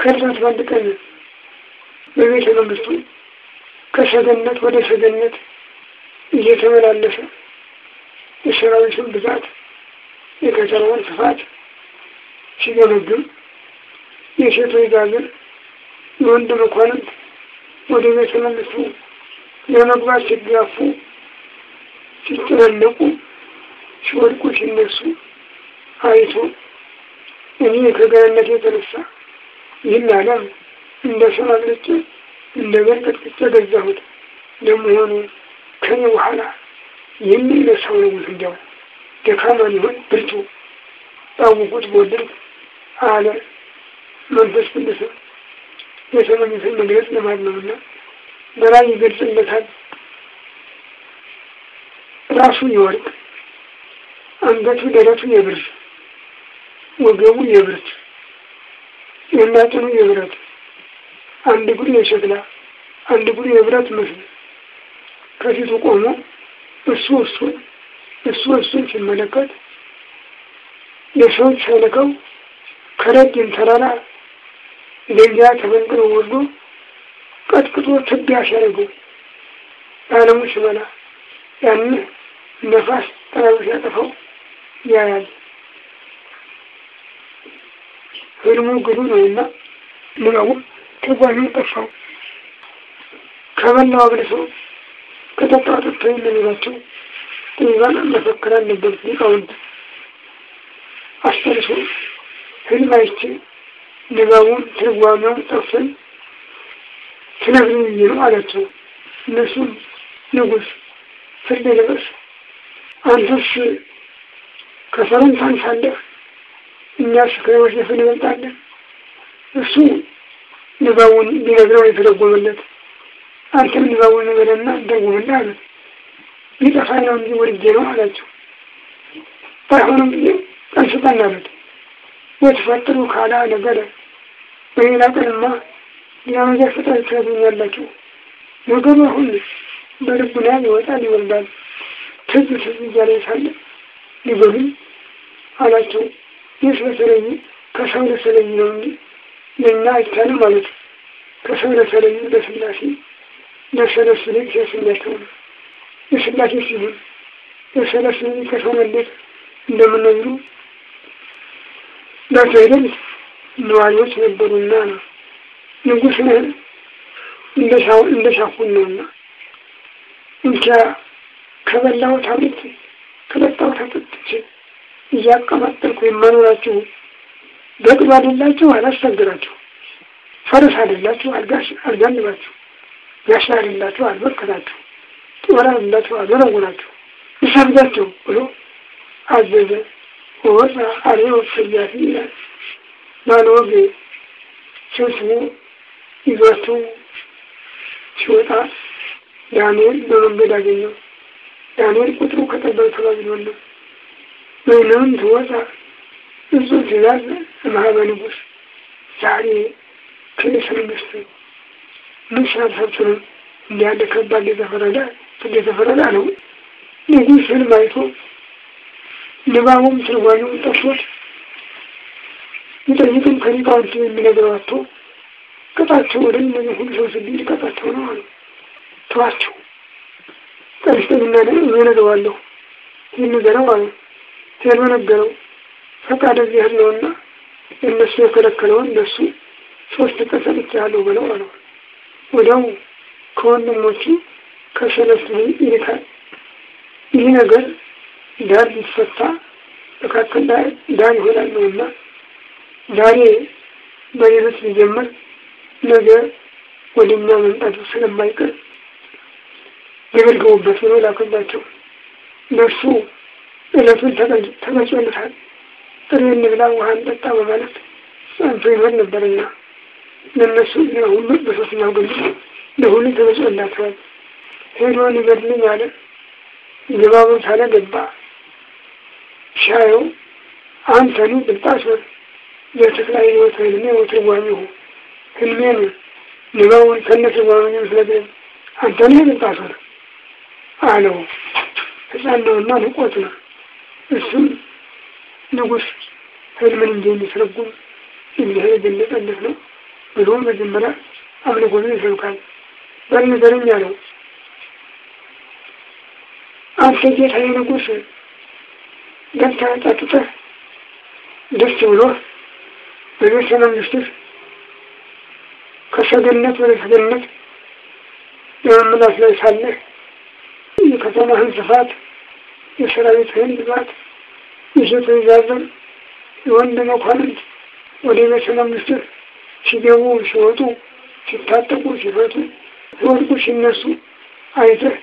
ከእርሳት በአንድ ቀን በቤተ መንግስቱ ከሰገነት ወደ ሰገነት እየተመላለሰ የሰራዊቱን ብዛት የከተማውን ስፋት ሲገመግም የሴቶች ጋዝር የወንድ መኳንንት ወደ ቤተ መንግስቱ ለመግባት ሲጋፉ ሲጨናነቁ ሲወድቁ ሲነሱ አይቶ እኔ ከገነት የተነሳ ይህን ዓለም እንደ ሰው አብልጬ እንደ በርቀጥቅጬ ገዛሁት ለመሆኑ ከኔ በኋላ የሚነሳው ንጉሥ እንዲያው ደካማ ሊሆን ብርቱ ጣውቁት በወደድኩ አለ። መንፈስ ቅዱስም የተመኙትን መግለጽ ልማድ ነውና በላይ ይገልጽለታል። ራሱን ይወርቅ አንገቱ ደረቱ የብር ወገቡ የብረት የማጭኑ የብረት አንድ እግሩ የሸክላ አንድ እግሩ የብረት ምስል ከፊቱ ቆሞ እሱ እሱን እሱ እሱን ሲመለከት የሰዎች ሸለቀው ከረጅም ተራራ ደንጃ ተፈንቅሎ ወርዶ ቀጥቅጦ ትቢያ ሲያደርገው በዓለሙ ሲበላ ያንህ ነፋስ ጠራሩ ሲያጠፋው ያያል። ህልሙ ግዱ ነውና ምናው ተጓዡን ጠፋው ከበላው አብልሶ ከጠጣው ጠጥቶ የሚላቸው ጥንዛን መፈክር ነበር ሊቃውንት አስተርሶ ህልም አይቼ ንባቡን ትርጓሜውን ጠፍተን ትነግሩኝ ነው አላቸው። እነሱም ንጉስ ፍርድ ልበስ አንተስ ከፈረን ሳንሳለፍ እኛ ሽከሮች ነፍን እንበልጣለን። እሱ ንባቡን ሊነግረው የተደጎመለት አንተም ንባቡን ንበለና ደጉምና አሉት። ሊጠፋ ነው እንጂ ወድጄ ነው አላቸው። ባይሆንም ጊዜ ቀን አለት አሉት። ወትፈጥሩ ካላ ነገረ በሌላ ቀንማ ሌላ ነገር ፈጣሪ ትነግሩኛላችሁ። ነገሩ አሁን በልቡና ይወጣል ይወርዳል። ትዝ ትዝ እያለ ሳለ ሊበሉኝ አላቸው። ይህ ስለሰለኝ ከሰው ለሰለኝ ነው ለእኛ አይቻለ ማለት ነው። ከሰው ለሰለኝ በስላሴ ለሰለስለኝ ሲያስላቸው ነው። የስላሴ ሲሆን ለሰለስለኝ ከሰው መለጥ እንደምንነግሩ በትህደል ነዋሪዎች ነበሩና ነው። ንጉሥ ነህ እንደ ሻሁን ነውና እንኪያ ከበላሁት አብልጥ ከጠጣሁት አጠጥቼ እያቀማጠልኩ የማኖራችሁ በቅሎ አይደላችሁ፣ አላስቸግራችሁ። ፈረስ አይደላችሁ፣ አልጋልባችሁ። ጋሻ አይደላችሁ፣ አልበከታችሁ፣ ጦር አይደላችሁ፣ አልወረወራችሁ። ይሰግዳቸው ብሎ አዘዘ። ወወጣ አሬው ሰያፊ ይላል። ባለወግ ስንስሙ ሲወጣ ዳንኤል በመንገድ አገኘው። ዳንኤል ቁጥሩ ከጠበብ ተባብሏል። ወይናም ትወጣ እሱ ትዛዘ እምኀበ ንጉሥ ዛሬ ከእስር ምስት ምን ሲያሳስብ እንዲያለ ከባድ የተፈረዳ የተፈረዳ ነው። ንጉሥ ሕልም አይቶ ንባቡም ትርጓሜውም ጠፍቶት ይጠይቅም ከሊቃውንቱ የሚነግረው አጥቶ ቅጣቸው ወደ እነዚህ ሁሉ ሰው ስል ቀጣቸው ነው አሉ። ተዋቸው ጠርስተኝና ነገ እነግረዋለሁ ይህን ንገረው አሉ። ያልመነገረው ፈቃደ እግዚአብሔር ነውና እነሱ የከለከለውን ለሱ ሶስት ቀን ሰጥቻለሁ ብለው አለው። ወዲያው ከወንድሞቹ ከሰለስቱ ይልካል። ይህ ነገር ዳር ቢፈታ መካከል ዳር ይሆናል ነውና ዛሬ በሌሎች ቢጀመር ነገ ወደ እኛ መምጣቱ ስለማይቀር ይበርገቡበት ብሎ ላከባቸው። እነርሱ እለቱን ተመጭወልታል። ጥሬ እንብላ ውሃን ጠጣ በማለት ጸንቶ ይሆን ነበርና ለነሱ እና ሁሉ በሶስተኛው ግን ለሁሉ ተመጭወላቸዋል። ሄዶ ሊገድልኝ አለ። ግባቡን ሳለ ገባ ሻየው አንተኑ ብልጣሶር ለትክላይ ህይወት ህልሜ ወትርጓሜሁ ህልሜን ንባውን ከነት ጓሚ ስለገብ አንተኑ ብልጣሶር አለው። ህፃን ነውና ንቆት ነው እሱም ንጉሥ ህልምን እንደሚተረጉም እግዚአብሔር የገለጠለት ነው። ብሎ መጀመሪያ አምልኮን ይሰብካል። ባልንገረኝ ያለው አንተ ጌታዬ ንጉሥ ገብታ ጠጥተህ ደስ ብሎ በቤተ መንግስትህ ከሰገነት ወደ ሰገነት በመመላስ ላይ ሳለህ የከተማህን ስፋት የሰራዊትህን ባት የሴት ዛዘን፣ የወንድ መኳንንት ወደ ቤተ መንግስትህ ሲገቡ ሲወጡ፣ ሲታጠቁ፣ ሲፈቱ፣ ሲወድቁ፣ ሲነሱ አይተህ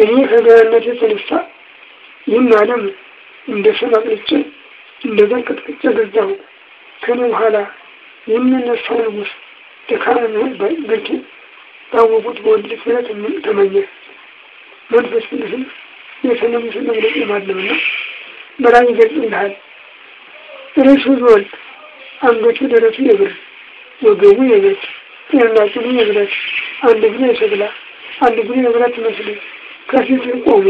ይህ ከገርነት የተነሳ ይህን ዓለም እንደ ሰም እንደ ዘንግ ቀጥቅጬ ገዛሁ። ከኔ በኋላ የሚነሳው ንጉስ ደካማ መሆን ብርቱ ባወቁት በወንድ ልጅ ተመኘ። መንፈስ ቅዱስም የሰለሙት መግለጽ ለማለምና በላይ ይገልጽልሃል። ርዕሱ በወርቅ አንገቱ ደረቱ የብር ወገቡ የቤት ጭንቅላቱ የብረት አንድ እግሩ የሸክላ አንድ እግሩ የብረት መስል ከፊት ቆሞ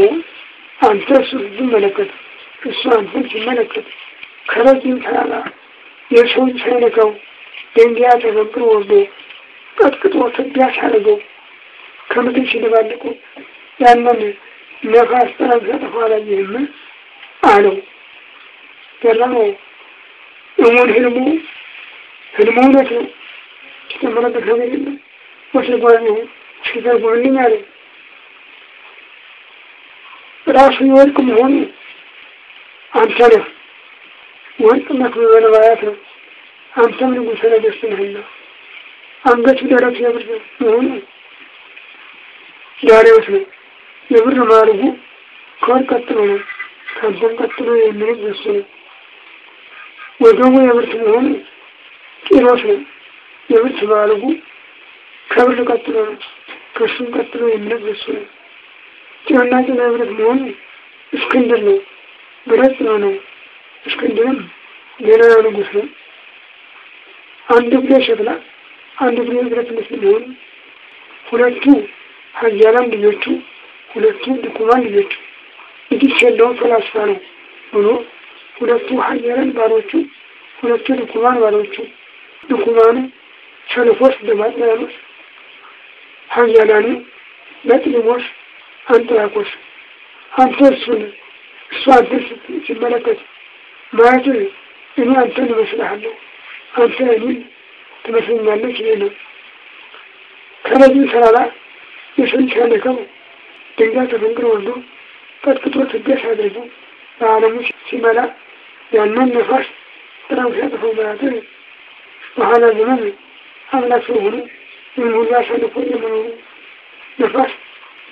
አንተ እሱ ስትመለከት እሱ አንተን ሲመለከት ከረጅም ተራራ የሰውን ሳይነካው ደንጊያ ተፈንቅሮ ወርዶ ቀጥቅጦ ትቢያ ሳያደርገው ከምድር ሲደባልቁ ያንን ነፋስ ጠረገ ጥፏላ ይህም አለው። ገረመው። እሙን ህልሙ ህልሙ እውነት ነው። የተጨመረበት ነገር የለም። እስኪተርጉምልኝ አለ። ራሱ የወርቅ መሆኑ አንተ ነህ። ወርቅ መክብበ ነባያት ነው። አንተም ንጉሠ ነገሥት ነህና አንገቱ ደረቱ የብር መሆኑ ዳሪዎት ነው። የብር ማዕረጉ ከወርቅ ቀጥሎ ነው። ከአዳም ቀጥሎ የሚሉት እሱ ነው። ወገቡ የብርት መሆኑ ጢሮስ ነው። የብርት ማዕረጉ ከብር ቀጥሎ ነው። ከእሱም ቀጥሎ የሚሉት እሱ ነው። ጭንቅላቱ የብረት እስክንድር ነው። ብረት ነው ነው። እስክንድርም ሌላው ንጉሥ ነው። አንድ እግሬ ሸክላ አንድ እግሬ ብረት ምስል ሁለቱ ሀያላም ልጆቹ ሁለቱ ድኩማን ልጆቹ ንግሥ የለውም ፈላስፋ ነው ብሎ ሁለቱ ሀያላን ባሮቹ ሁለቱ ድኩማን ባሮቹ ድኩማኑ ሰልፎስ ደማጥናያኖስ ኃያላኑ በጥሊሞስ አንጥራኮስ አንተ እሱን እሱ አንተ ሲመለከት ማየት እኔ አንተን እመስልሃለሁ አንተ እኔን ትመስልኛለች ይሄ ነው ከረጅም ተራራ የሰንቻ ያለከው ድንጋይ ተፈንቅሮ ወልዶ ቀጥቅጦ ትቢያ አድርጎ በዓለሙ ሲመላ ያንን ነፋስ ጥራው ሲያጥፈው ማያትን በኋላ ዘመን አምላክ ስለሆኑ ይህም ሁሉ አሳልፎ የመኖሩ ነፋስ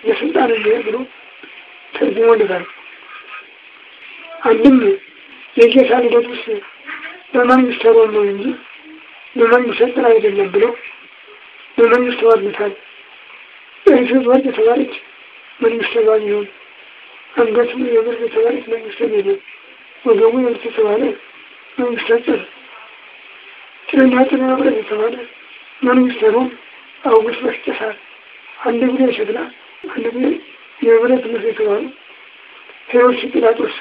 የስልጣን እንዲሄድ ብሎ ልጋል። አንድም የጌታ ልደት ውስጥ በመንግስተ ሮም ነው እንጂ በመንግስት ጥራ አይደለም ብሎ በመንግስት ወርድታል። ይህ ወርድ ተባለች። መንግሥተ ባል ይሆን አንገቱም የብር የተባለች መንግሥተ ቤደ ወገቡ የብር የተባለ መንግሥተ ጽር ጭንና ጥና ብረት የተባለ መንግሥተ ሮም አውግስ በስጨሳል አንድ እግሩ የሸክላ አንድ እግሩ የብረት ምር የተባሉ ቴዎስ ጲላጦስ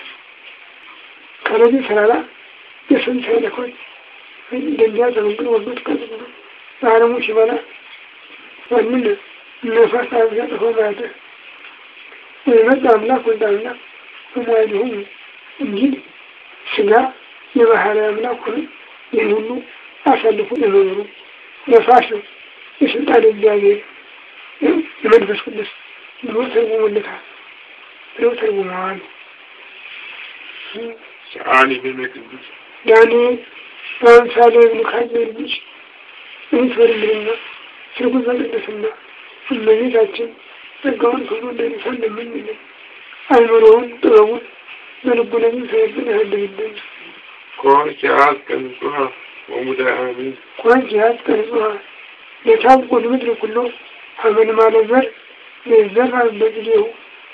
ከለዚ ተራራ የስንት አይነኮች ደንጊያ ተመንግል ወበት ቀጥሎ በአለሙ ሲበላ ያንን ነፋስ አብዛ ጥፎ ባያደር የመጣ አምላክ ወልድ አምላክ በመዋዕል ሆኑ እንዲል ስጋ የባህላዊ አምላክ ሆነ ይህን ሁሉ አሳልፎ የመኖሩ ነፋስ ነው የስልጣን እግዚአብሔር የመንፈስ ቅዱስ ብሎ ተርጉሞለታል ብሎ ተርጉመዋል። ሰአሊ በመቅዱስ ዳንኤል በአምሳለ ሚካኤል ልጅ እንትን ምርምርና በቅድስና እመቤታችን ጸጋውን ሁሉ እንደሚሰል ለምኝ አይምሮውን ጥበቡን በልቡንም ሰይፍን ያህልብልኝ ኮንኪ አስቀንጹሃ ወሙዳ አሚን ኮንኪ አስቀንጹሃ ለታብቁ ልምድር ኩሎ ሀበን ማለዘር የዘር በጊዜው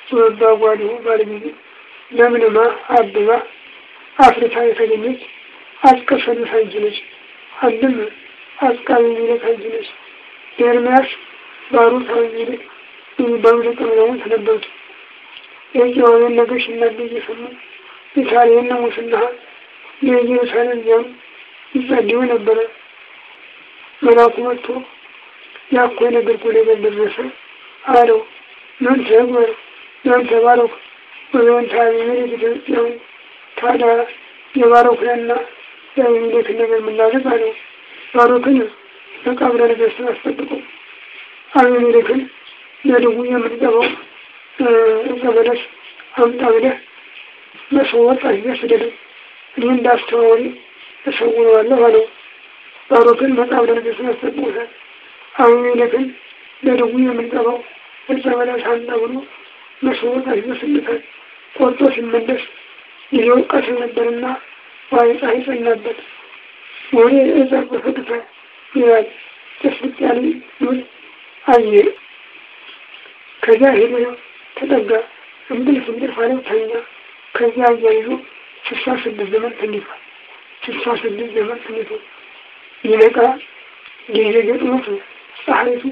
ጥበባ ባለጊዜ ለምንማ አብባ አፍርታ የተገኘች አስቀፈንሳ ይችለች አልም አስቃሚ ሚለቅ አይችለች ኤርምያስ ባሩት የሚባሉ ደቀ መዛሙርት ነበሩት። ነገር ሲናገር እየሰሙ የሳሌን ሙስና የኢየሩሳሌም ዚያም ይጸድዩ ነበረ። መልአኩ መጥቶ ያኮ ነገር ጎሌ በደረሰ አለው። ምን ተግበር ምን ተባረኩ ወዘን ታቢብን የቤተክርስቲያን ታዲያ የባረኩያና የቤት ነገር የምናደርግ አለው። ባሮክን በቀብረ ነገሥትን አስጠብቀው አቤሜሌክን እና ደግሞ የምንገባው ዘመዶች አምጣ ብለህ ለሰው ወጣት የሚያስደድም እኔ እንዳስተዋወሪ ተሰውረዋለሁ አለው። ባሮ ግን መጽሐፍ ደረጃ ስላስጠቁሰ አቡሜለ ግን ለደሙ የምንጠባው እዛ በላሽ አምጣ ብሎ መስዋዕት ይመስልታል። ቆርጦ ሲመለስ ይዘው ቀስል ነበርና ዋይጣ ይጸናበት ወይ እዛ በፈቅተ ይላል። ተስብቅ ያለ ይሁን አየ ከዚያ ሄደ ተጠጋ፣ እንቅልፍ እንቅልፍ አለው ተኛ። ከዚያ አያይዞ ስልሳ ስድስት ዘመን ተኝቷል። ስልሳ ስድስት ዘመን ተኝቷል። ይነቃ ጊዜ ገጥሞት ፀሐይቱ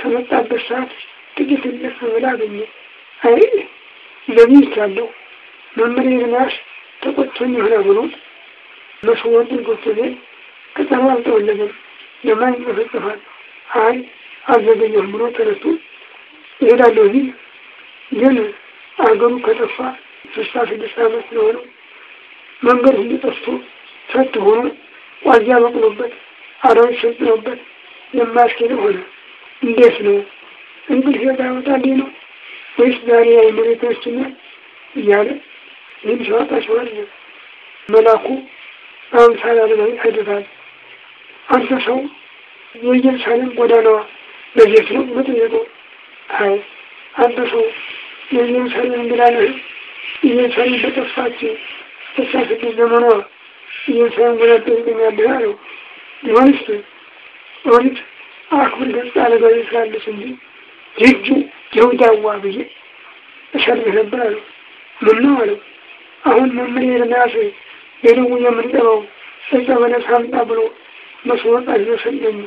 ከመጣበት ሰዓት ጥቂት እልፍ ብላ አገኘ። አይ ለዚህ ይቻለሁ መምህር ኤርምያስ ተቆጥቶኝ ሆነ ብሎ መስዋዕትን ጎትቶ ቅጠሉ አልጠወለገም። ለማን ይመፈጽፋል? አይ አልዘገየሁም ብሎ ተነስቶ እሄዳለሁ። እዚህ ግን አገሩ ከጠፋ ስሳ ስድስት ዓመት ስለሆነው መንገድ ሁሉ ጠፍቶ ሰት ሆኖ ቋዚያ በቅሎበት አራዊት ሰልጥኖበት የማያስኬድ ሆነ። እንዴት ነው እንግዲህ ሄዳ ያወጣልኝ ነው ወይስ ዛሬ አይምሮ እያለ ይህም ሲዋጣ ሲዋል መላኩ በአምሳል አለማዊ ሄደታል። አንተ ሰው የኢየሩሳሌም ጎዳናዋ በዜት ነው ነው አይ አንተ ሰው የዚህም ሰል እንግዳ ነህ። ይህን ሰል በጠፋችው ተሳስቼ ዘመኗ ይህን ሰው እንግዳ ትገኛለህ አለው። ቢሆንስ ኦሪት አክብር ገጽ አለጋዊ ስላለች እንጂ ይጁ የውዳዋ ብዬ እሸልህ ነበር አለው። ምን ነው አለው። አሁን መምህር ኤርምያስ የደው የምንጠባው ዕፀ በለስ አምጣ ብሎ መስወቅ አልወሰደኝ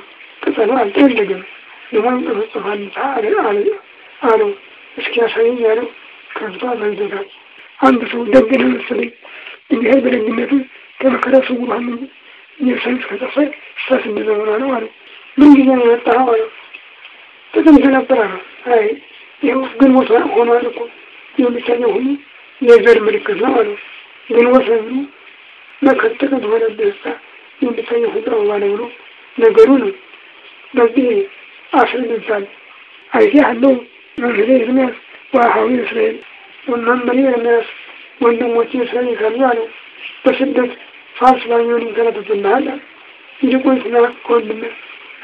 ቅጠሉ አልጠለገም የሞኝን ጽፋንታ አለው እስኪ ያሳየኝ ያለው ከዛ መንዘጋል አንድ ሰው ደግ ነው መሰለኝ እንዲህ በደግነቱ ከመከራ ሰውሯል እንጂ የሰይፍ ከጠፋኝ እሳት እንደዘመና ነው አለ ምን ጊዜ ነው የመጣኸው አለ ጥቅምት ነበረ ነው። አይ ይኸው ግንቦት ሆኗል እኮ የሚታየው ሁሉ የዘር ምልክት ነው አለው። ግንቦት ህዝቡ መከር ጥቅምት ሆነ ደስታ የሚታየው ሁሉ አበባ ብሎ ነገሩ ነው። በዚህ አፍ ይነዛል። አይዲያ አለው መምህሬ ኤርምያስ ወአኀዊ እስራኤል መምህሬ ኤርምያስ ወንድሞቼ እስራኤል ይከሉ አለ። በስደት ፋርስ ባቢሎን ይንከራተትብሃል አለ። እንዲቆይትና ከወንድም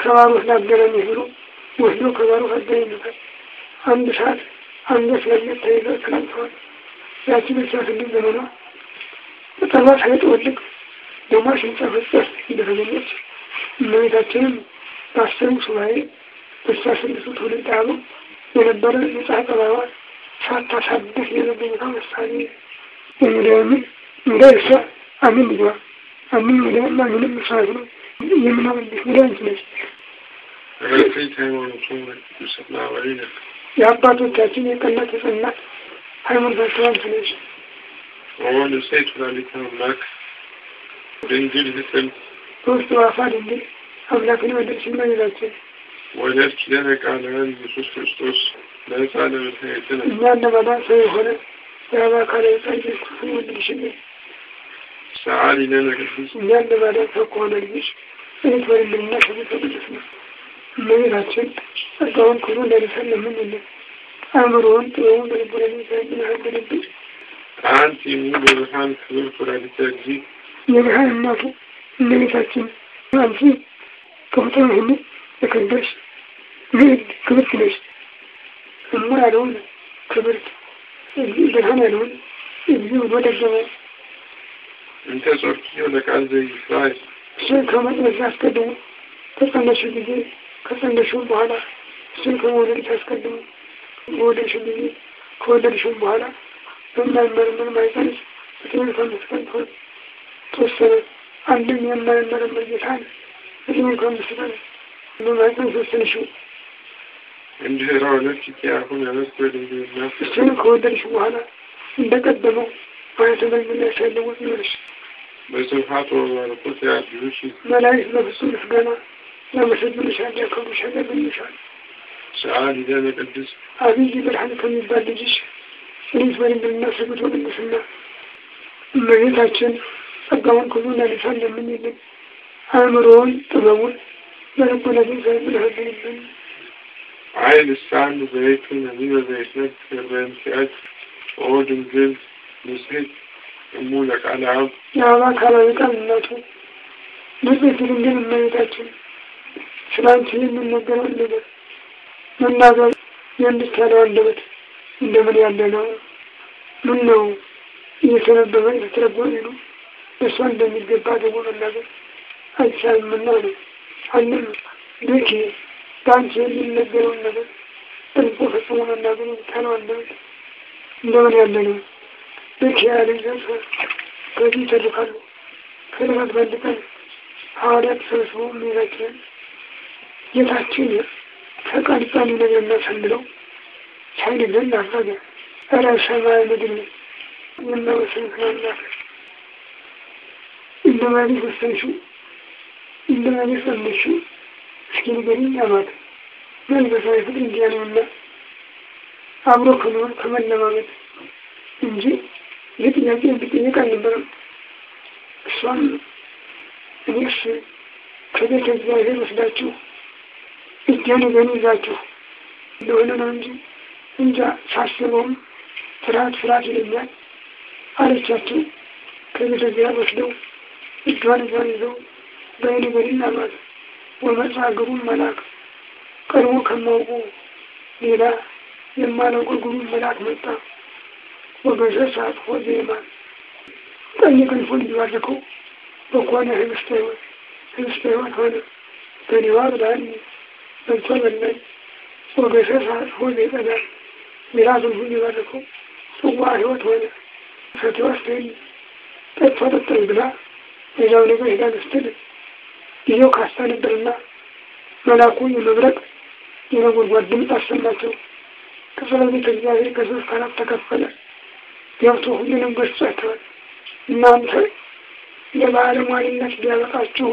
ከባሮች ላገናኝ ብሎ ወስዶ ከባሮች አገናኝበታል። አንድ ሰዓት አንገት ለየት ተይዘ ተላልፈዋል። ያቺ ብቻ ስድስት ዘመኗ በጠባ ሳይጠወልቅ ደሟ ሲንጸፈጸፍ እንደተገኘች እመቤታችንም በአስሩ ሱባኤ بالساسيس والإدانة من البلد مساعد الأوان حتى حدثني بالنظام الثاني المدامن ليس أمن بها أمن مدامن أمن المساعدين يمنع بالفلان كنش غلفيت هيمانتون يسمى وعينك يا أباتو تاتيني قلت سنة هيمان بالفلان كنش وما نسيت ذلك هناك بإنجيل هتل دوست وفاد إنجيل أملاك الودرس المنزل ወደ ኪደነ ኢየሱስ ክርስቶስ ለህፃ ለመታየት ነው እኛን ለመዳን ሰው የሆነ የአባካለ ህፃ ኢየሱስ ክርስቶስ ወንድምሽ እኛን ለመዳን ሰው ከሆነ ልጅሽ እንድትበልልንና ከቤተ ቅዱስ ነው እመቤታችን ጸጋውን ክብሩ እንዳይነሳን ለምንልን አእምሮውን ጥበቡን በልቡና ሳይን ሀገርብሽ ክብር የብርሃን እናቱ እመቤታችን አንቺ ሁሉ የከበርሽ ክብርት ነሽ፣ እሙር ያለውን ክብርት ብርሃን ያለውን እዚ ወደገበ እንተ ጾርኪዮ ለቃል ዘይፍራይ እሱን ከመጽነስ አስቀድሞ ከጸነሹ ጊዜ ከጸነሹ በኋላ እሱን ከመውለድሽ አስቀድሞ መወለድሽ ጊዜ ከወለድሽም በኋላ በማይመረመር ማይጸንስ በትምህርት አምስት ቀን ተወሰነ። አንድም የማይመረመር ጌታን በትምህርት አምስት ቀን በማይጸንስ ወሰንሽው عندي رأيك تعرفون على سبيل الناس السنة خودر شو هلا بقدمه فيتبين من الناس اللي وزنش بس الحاط والقوت يا بيوشي ما لا يسمى بالسنة فقنا لا مسد من شهد يكون مشهد من مشهد سعادي دانا قدس هذه اللي بالحالة كان يبال لجيش بالنسبة للناس اللي بتوضع بسنة ما يتعجن أدوان كلنا لسنة من يلم أمرون تمامون ما نقول لهم زي من هذه ኃይል ልሳን ዘይቱን እንዲበ ዘይስነት በምስያት ኦድም ዝል ምስል እሙ ለቃለ አብ የአማካላዊ ቃልነቱ ንጽሕት ድንግል እመቤታችን ስለ አንቺ የምንነገረው ነገር መናገር የምትቻለው አንደበት እንደምን ያለ ነው? ምን ነው እየተነበበ እየተረጎመ ነው። እሷ እንደሚገባ ደግሞ መናገር አይቻልምና ነው አንልም ልክ በአንቺ የሚነገረውን ነገር እንቁ ፍጹም ሆነ እናገኝ ተለዋለን እንደምን ያለ ነው። ልክ ያለ ዘርፈ ከዚህ ይተርካሉ። ከልፈት በልቀን ሐዋርያት ሰብስቦ ሚዛችንን ጌታችን ተቀልጣን ነገር እናሰምለው ሳይንግን አረገ። ኧረ ሰማይ ምድር የምናመስል ክናናት እንደ መሬት ወሰንሽው እንደ ሲንገሪኝ አማት መንፈሳዊ ፍቅር እንዲያ ነውና አብሮ ከመሆን ከመለማመጥ እንጂ ይህ ጥያቄ አልነበረም። እሷም እኔስ ከቤተ እግዚአብሔር ወስዳችሁ እጄን ገን ይዛችሁ እንደሆነ ነው እንጂ እንጃ ሳስበውም ፍርሃት ፍርሃት ይለኛል አለቻቸው። ከቤተ እግዚአብሔር ወስደው እጇን እጇን ይዘው በእኔ ገን ማለት ግሩም መልአክ ቀድሞ ከማውቀው ሌላ የማላውቀው ግሩም መልአክ መጣ። ወገሰ አጥፎ ዜማን ቀኝ ክንፉን እንዲባርከው በኳነ ህብስተ ህይወት ህብስተ ሕይወት ሆነ በኔዋ ብላኒ በልቶ በላኝ። ወገሰ አጥፎ ዜጠናን ሌላ ክንፉን እንዲባርከው ጽዋ ሕይወት ሆነ ሰቴ ወስደኝ ጠጥቶ ጠጠኝ ብላ ሌላው ነገር ሄዳ ስትል ጊዜው ካሳ ነበርና መላኩ የመብረቅ የነጎድጓድ ድምፅ አሰማቸው። ክፍለ ቤት እግዚአብሔር ከሶስት አራት ተከፈለ። ገብቶ ሁሉንም ገሷቸዋል። እናንተ ለባለ ሟልነት ቢያበቃችሁ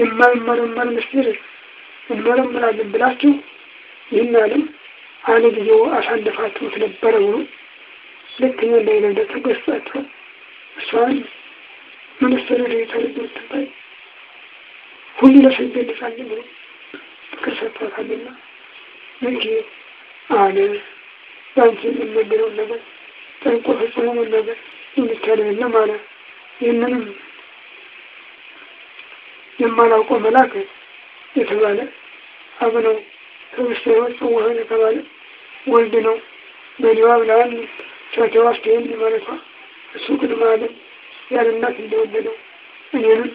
የማይመረመር ምስጢር እንመረምራለን ብላችሁ ይህን ዓለም አለ ጊዜው አሳልፋችሁት ነበረ ብሎ ልክ ይህ እንዳይለብደት ገጽ እሷን ምንስር ሬታ ሁሉ ለሰው ይገለጻል ብሎ ፍቅር ሰጥቷታልና እንጂ አለ በአንቺ የምነገረውን ነገር ጠንቆ ፈጽሞ መናገር የሚቻለው የለም አለ። ይህንንም የማላውቀው መልአክ የተባለ አብ ነው ከውስጥ ጽዋህ የተባለ ወልድ ነው በሊዋ ብላን ቻቸዋ ስቴን ማለቷ እሱ ቅድመ ዓለም ያለ እናት እንደወለደው እኔንም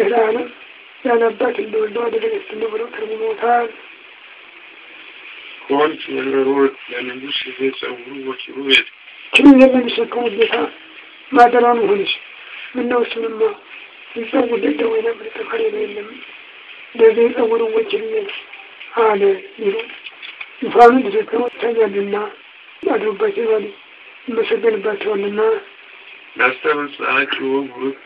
ያለ ዓለም ያን አባት እንደወልዶ አደረገችን ብለው ተርጉሞታል። ኮንች ወለሮት ለንጉሥ ዘጸውሩ ወኪሩቤል ኪሩብ የሚሸከሙ ጌታ ማደራም ሆነች ምነው ስምማ ይጸውር ደደው ነበር ተፈሪ ነው የለም ለዚህ የጸውሩ ቤት አለ ይሉ ዙፋኑን ተሸክሞ ይታያልና አድሩባቸው ይባሉ ይመሰገንባቸዋልና ናስተበጽአኪ ወጉሩት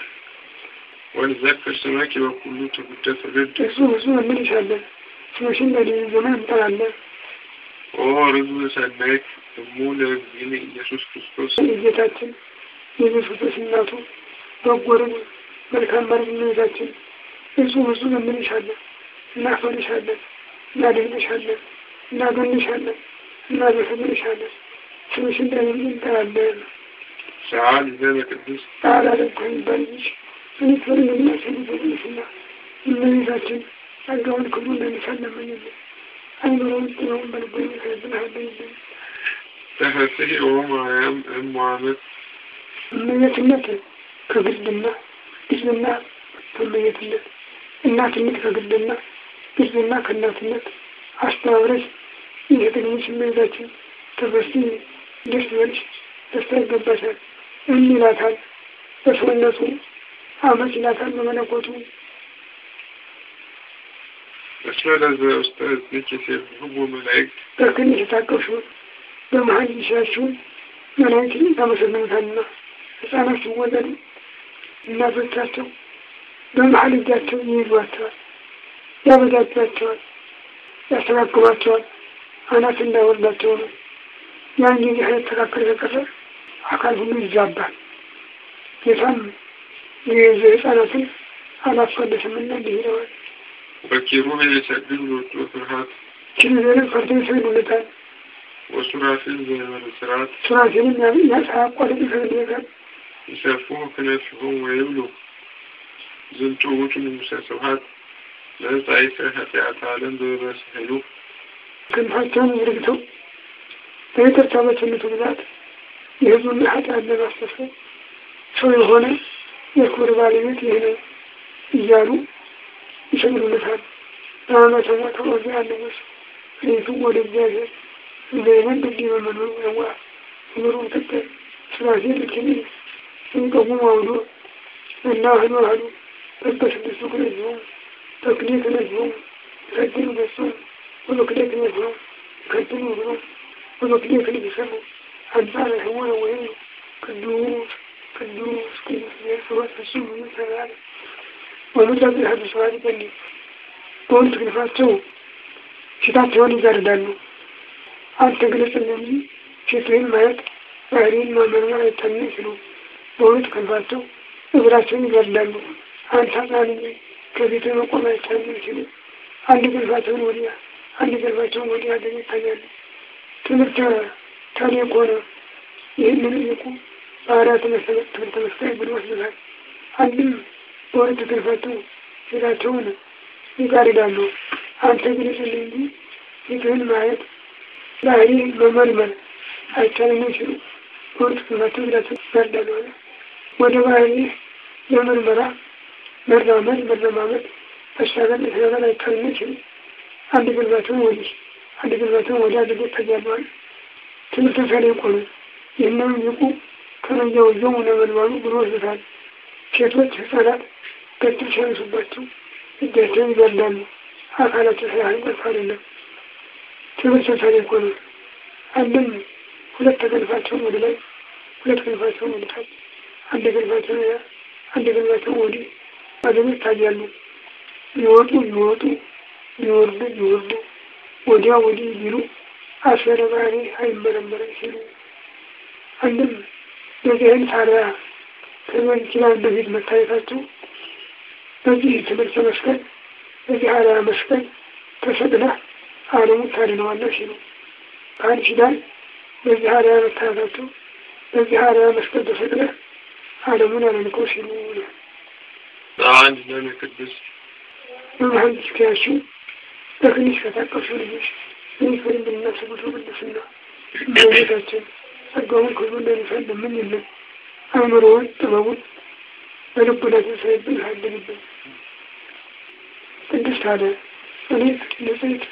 ولذكر سماك وقلوت قد فقدت اسمه اسمه من يشهد اسمه شنو اللي زمان تعالى ورزق سماك مولى بين ኢየሱስ ክርስቶስ ጌታችን ኢየሱስ ክርስቶስ እናቱ በጎርን መልካም ማንነታችን እሱ ብዙ እንምንሻለን፣ እናፈንሻለን፣ እናደንቅሻለን፣ እናገንሻለን፣ እናዘፍንሻለን ስምሽን ለምን እንጠራለን ሰዓል ዘበቅዱስ ጣላ ለኩኝ በልጅ ስንፈር መግለጽ የሚዘግስና እመቤታችን ጸጋውን ክቡ እንደሚሳለፈኝል አይምሮን ጥበውን በልቦ የሚከዝናለኝ ተፈስሒ ወማርያም እሙ አመት እመቤትነት ከግልና ግልና ከእመቤትነት እናትነት ከግልና ግልና ከእናትነት አስተባብረሽ ይህ ቅድሚሽ እመቤታችን ተፈስሒ ደስ ይበልሽ ደስታ ይገባሻል እሚላታል በሰውነቱ አመት ይላታል በመለኮቱ በክንሽ የታቀፍሽውን በመሀል ይሻችሁን መላእክትን ታመሰግኑታልና ህፃናት ሲወለዱ እናቶቻቸው በመሀል እጃቸው ይይዟቸዋል፣ ያበጃጇቸዋል፣ ያስተካክሏቸዋል። አናት እንዳይወላቸው ነው። ያን ጊዜ ከተስተካከለ በቀር አካል ሁሉ ይዛባል። ጌታም የገዛ ህፃናትን አላሳለፍምና እንዲህ ይለዋል። በኪሩቤል የሰግድ ወጡ ፍርሃት ኪሩቤል ፈርቶ ይሰግዱለታል። ወሱራፊል ዘመን ስርዓት ሱራፊልም ያሳያቋርጥ ይሰግዱለታል። ይሰፉ ክነፊሆም ወይብሉ ዝንጡ ውጡን ሙሰስብሃት ለጻይፈ ኃጢአት አለም በበስህሉ ክንፋቸውን ዝርግተው በቤተርታባቸነቱ ብዛት የህዝቡን ኃጢአት ለማስተሰብ ሰው የሆነ يكون لمثلهما إيجاد بشكل المفهم طالما تواتر بأن النص حيث وللظاهر دائما تقديم المنوع أنواع ظروف تبدأ ثلاثية الكلمة ينقم موضوع الناهل وهل تلبس بالسوق الأجهوم تقليد الأجهوم تقديم بالسوق ونقليد الأجهوم تقديم الغروب ونقليد الأجهوم أنفع الحوار وهي كالدروس ቅዱስ ቅዱስ ወት እሱ ምንሰራል ወመጣት ያህሉ ክንፋቸው ፊታቸውን ይጋርዳሉ። አንተ ግለጽም ፊትህን ማየት ባህሪን መመርመር አይታነስ ነው። በሁለት ክንፋቸው እግራቸውን ይጋርዳሉ። አንተ አጣን ከፊት መቆም አይታነስ ሲሉ አንድ ክንፋቸውን ወዲያ አንድ ክንፋቸውን ወዲያ አድርገው ይታያሉ። ትምህርት ከሆነ ይህንን ይቁም በአራት ትምህርተ መስቀል ብንወስድታል አንድም በወንድ ተፈቱ ይጋር ይላሉ አንተ ግለጽልኝ እንጂ ፊትህን ማየት ላይ መመርመር አይቻልም ሲሉ በወንድ ተፈቱ ሴታቸውን ይጋርዳሉ አለ። ወደ ባህሪ ለምርመራ መራመድ መረማመድ መሻገር መሻገር አይቻልም ሲሉ አንድ ግልባቸውን ወዲህ አንድ ግልባቸውን ወዲህ አድርገው ተጋርደዋል። ትምህርተ ሰሌ ቆኑ ይህንም ይቁ ከነየወየሙ ነበልባሉ ብሎታል። ሴቶች፣ ሕፃናት በትር ሲያነሱባቸው እጃቸውን ይበላሉ። አካላቸው ሳይሆን ቀርቶ አይደለም ተመሳሳይ እኮ ነው። አንድም ሁለት ተገልፋቸውን ወደ ላይ፣ ሁለት ገልፋቸውን ወደ ታች፣ አንድ ገልፋቸውን አንድ ገልፋቸውን ወዲህ አድርገው ይታያሉ። ይወጡ ይወጡ ይወርዱ ይወርዱ ወዲያ ወዲህ ቢሉ አሰረ ባህሪ አይመረመረ ሲሉ አንድም ነገህን ታዲያ ከመን ይችላል በፊት መታየታቸው በዚህ ትምህርት መስቀል በዚህ አርአያ መስቀል ተሰቅለህ ዓለሙን ታድነዋለች ነው። ቃል ኪዳን በዚህ አርአያ መታየታቸው በዚህ አርአያ መስቀል ተሰቅለህ ዓለሙን አለንቆ ሲሉ በአንድ ለነ ቅዱስ በመሀል ዲስኪያቸው በክኒሽ ከታቀሱ ልጆች ሚፈርምና ስጉቶ ቅዱስና በቤታችን ጸጋውን ሁሉ እንደሚፈልምን የለም። አእምሮውን ጥበቡን በልቡነት ሳይብን ሀልልብን ቅድስት አለ እኔት ንጽሕት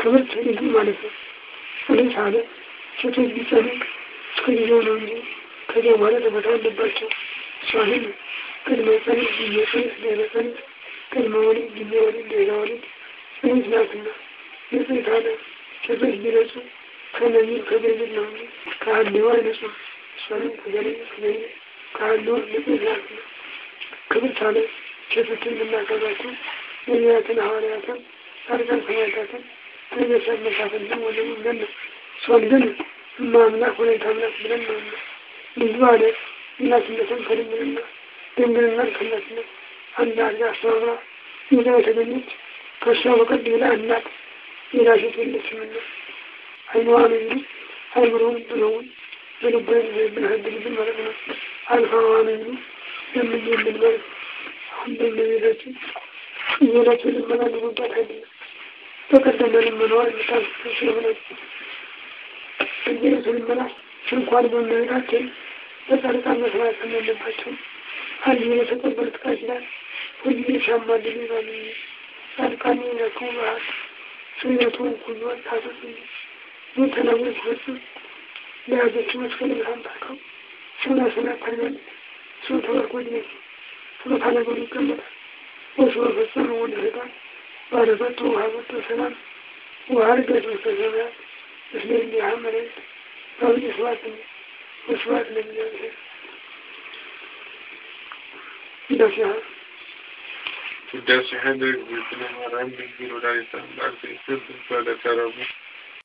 ክብርት ልዩ ማለት ነው። እኔት አለ ሴቶች ቢጸንቅ እስከ ጊዜው ነው እንጂ ከዚያ በኋላ ተፈታ አለባቸው። ሷሂል ቅድመ ጸንቅ ጊዜ ጽንት ሌለ ጸንት ቅድመ ወሊድ ጊዜ ወሊድ ሌላ ወሊድ እኔት ናትና ንጽሕት አለ ሴቶች ቢረጹ ከነቢብ ከጀቢል ነው ከአሊዋ አይነሱ እሷንም ከገሌ ከገሌ ከአሊዋ ንጽላት ነው ክብር ሳለ ሴቶችን የምናከብራቸው የሚያትን ሐዋርያትን፣ አርጋን ሰማዕታትን ከቤተሰብ መሳፍን ነው ወደ ብለን ነው ሰውን ግን እማ አምላክ ወላዲተ አምላክ ብለን ነው እና ልዩ አለ እናትነትን ከድንግልና ድንግልናን ከእናትነት አንድ አርጋ አስተባብራ ይዛ የተገኘች ከእሷ በቀድ ብላ እናት ሌላ ሴት የለችምና አይኗን እንጂ አይምሮን ብለውን በልበን የምናድርግን ማለት ነው። አልፈዋን እንጂ ለምን የምንበር አሁን በመቤታችን እየላቸው ልመና ሊሆንባት አይደለም። በቀደመ ልመናዋ የምታስብ ስለሆነ እየሱ ልመና እንኳን በመቤታችን በጸርቃ መስራት ስላለባቸው አንድ የተቀበር ጥቃችላል ሁሉ ሻማድል ይባል ጻድቃን ያክሙ ባህል ስነቱን ኩዩን ታሰሱ ممكن أقول حسن لا أدري شو مشكلة الآن تحكم شو ناس أنا أتعلم شو تبقى وليس شو تبقى لك ومكمل وشو أفسر والهدان معرفت وحفظت السلام وعرقت مستجابات اسمي اللي عمرت أو إصوات إصوات لمن يمسك بس يا Ya şehirde bir gün var, hem bir gün orada yaşam, hem bir gün orada yaşam, hem bir gün orada yaşam, hem bir gün orada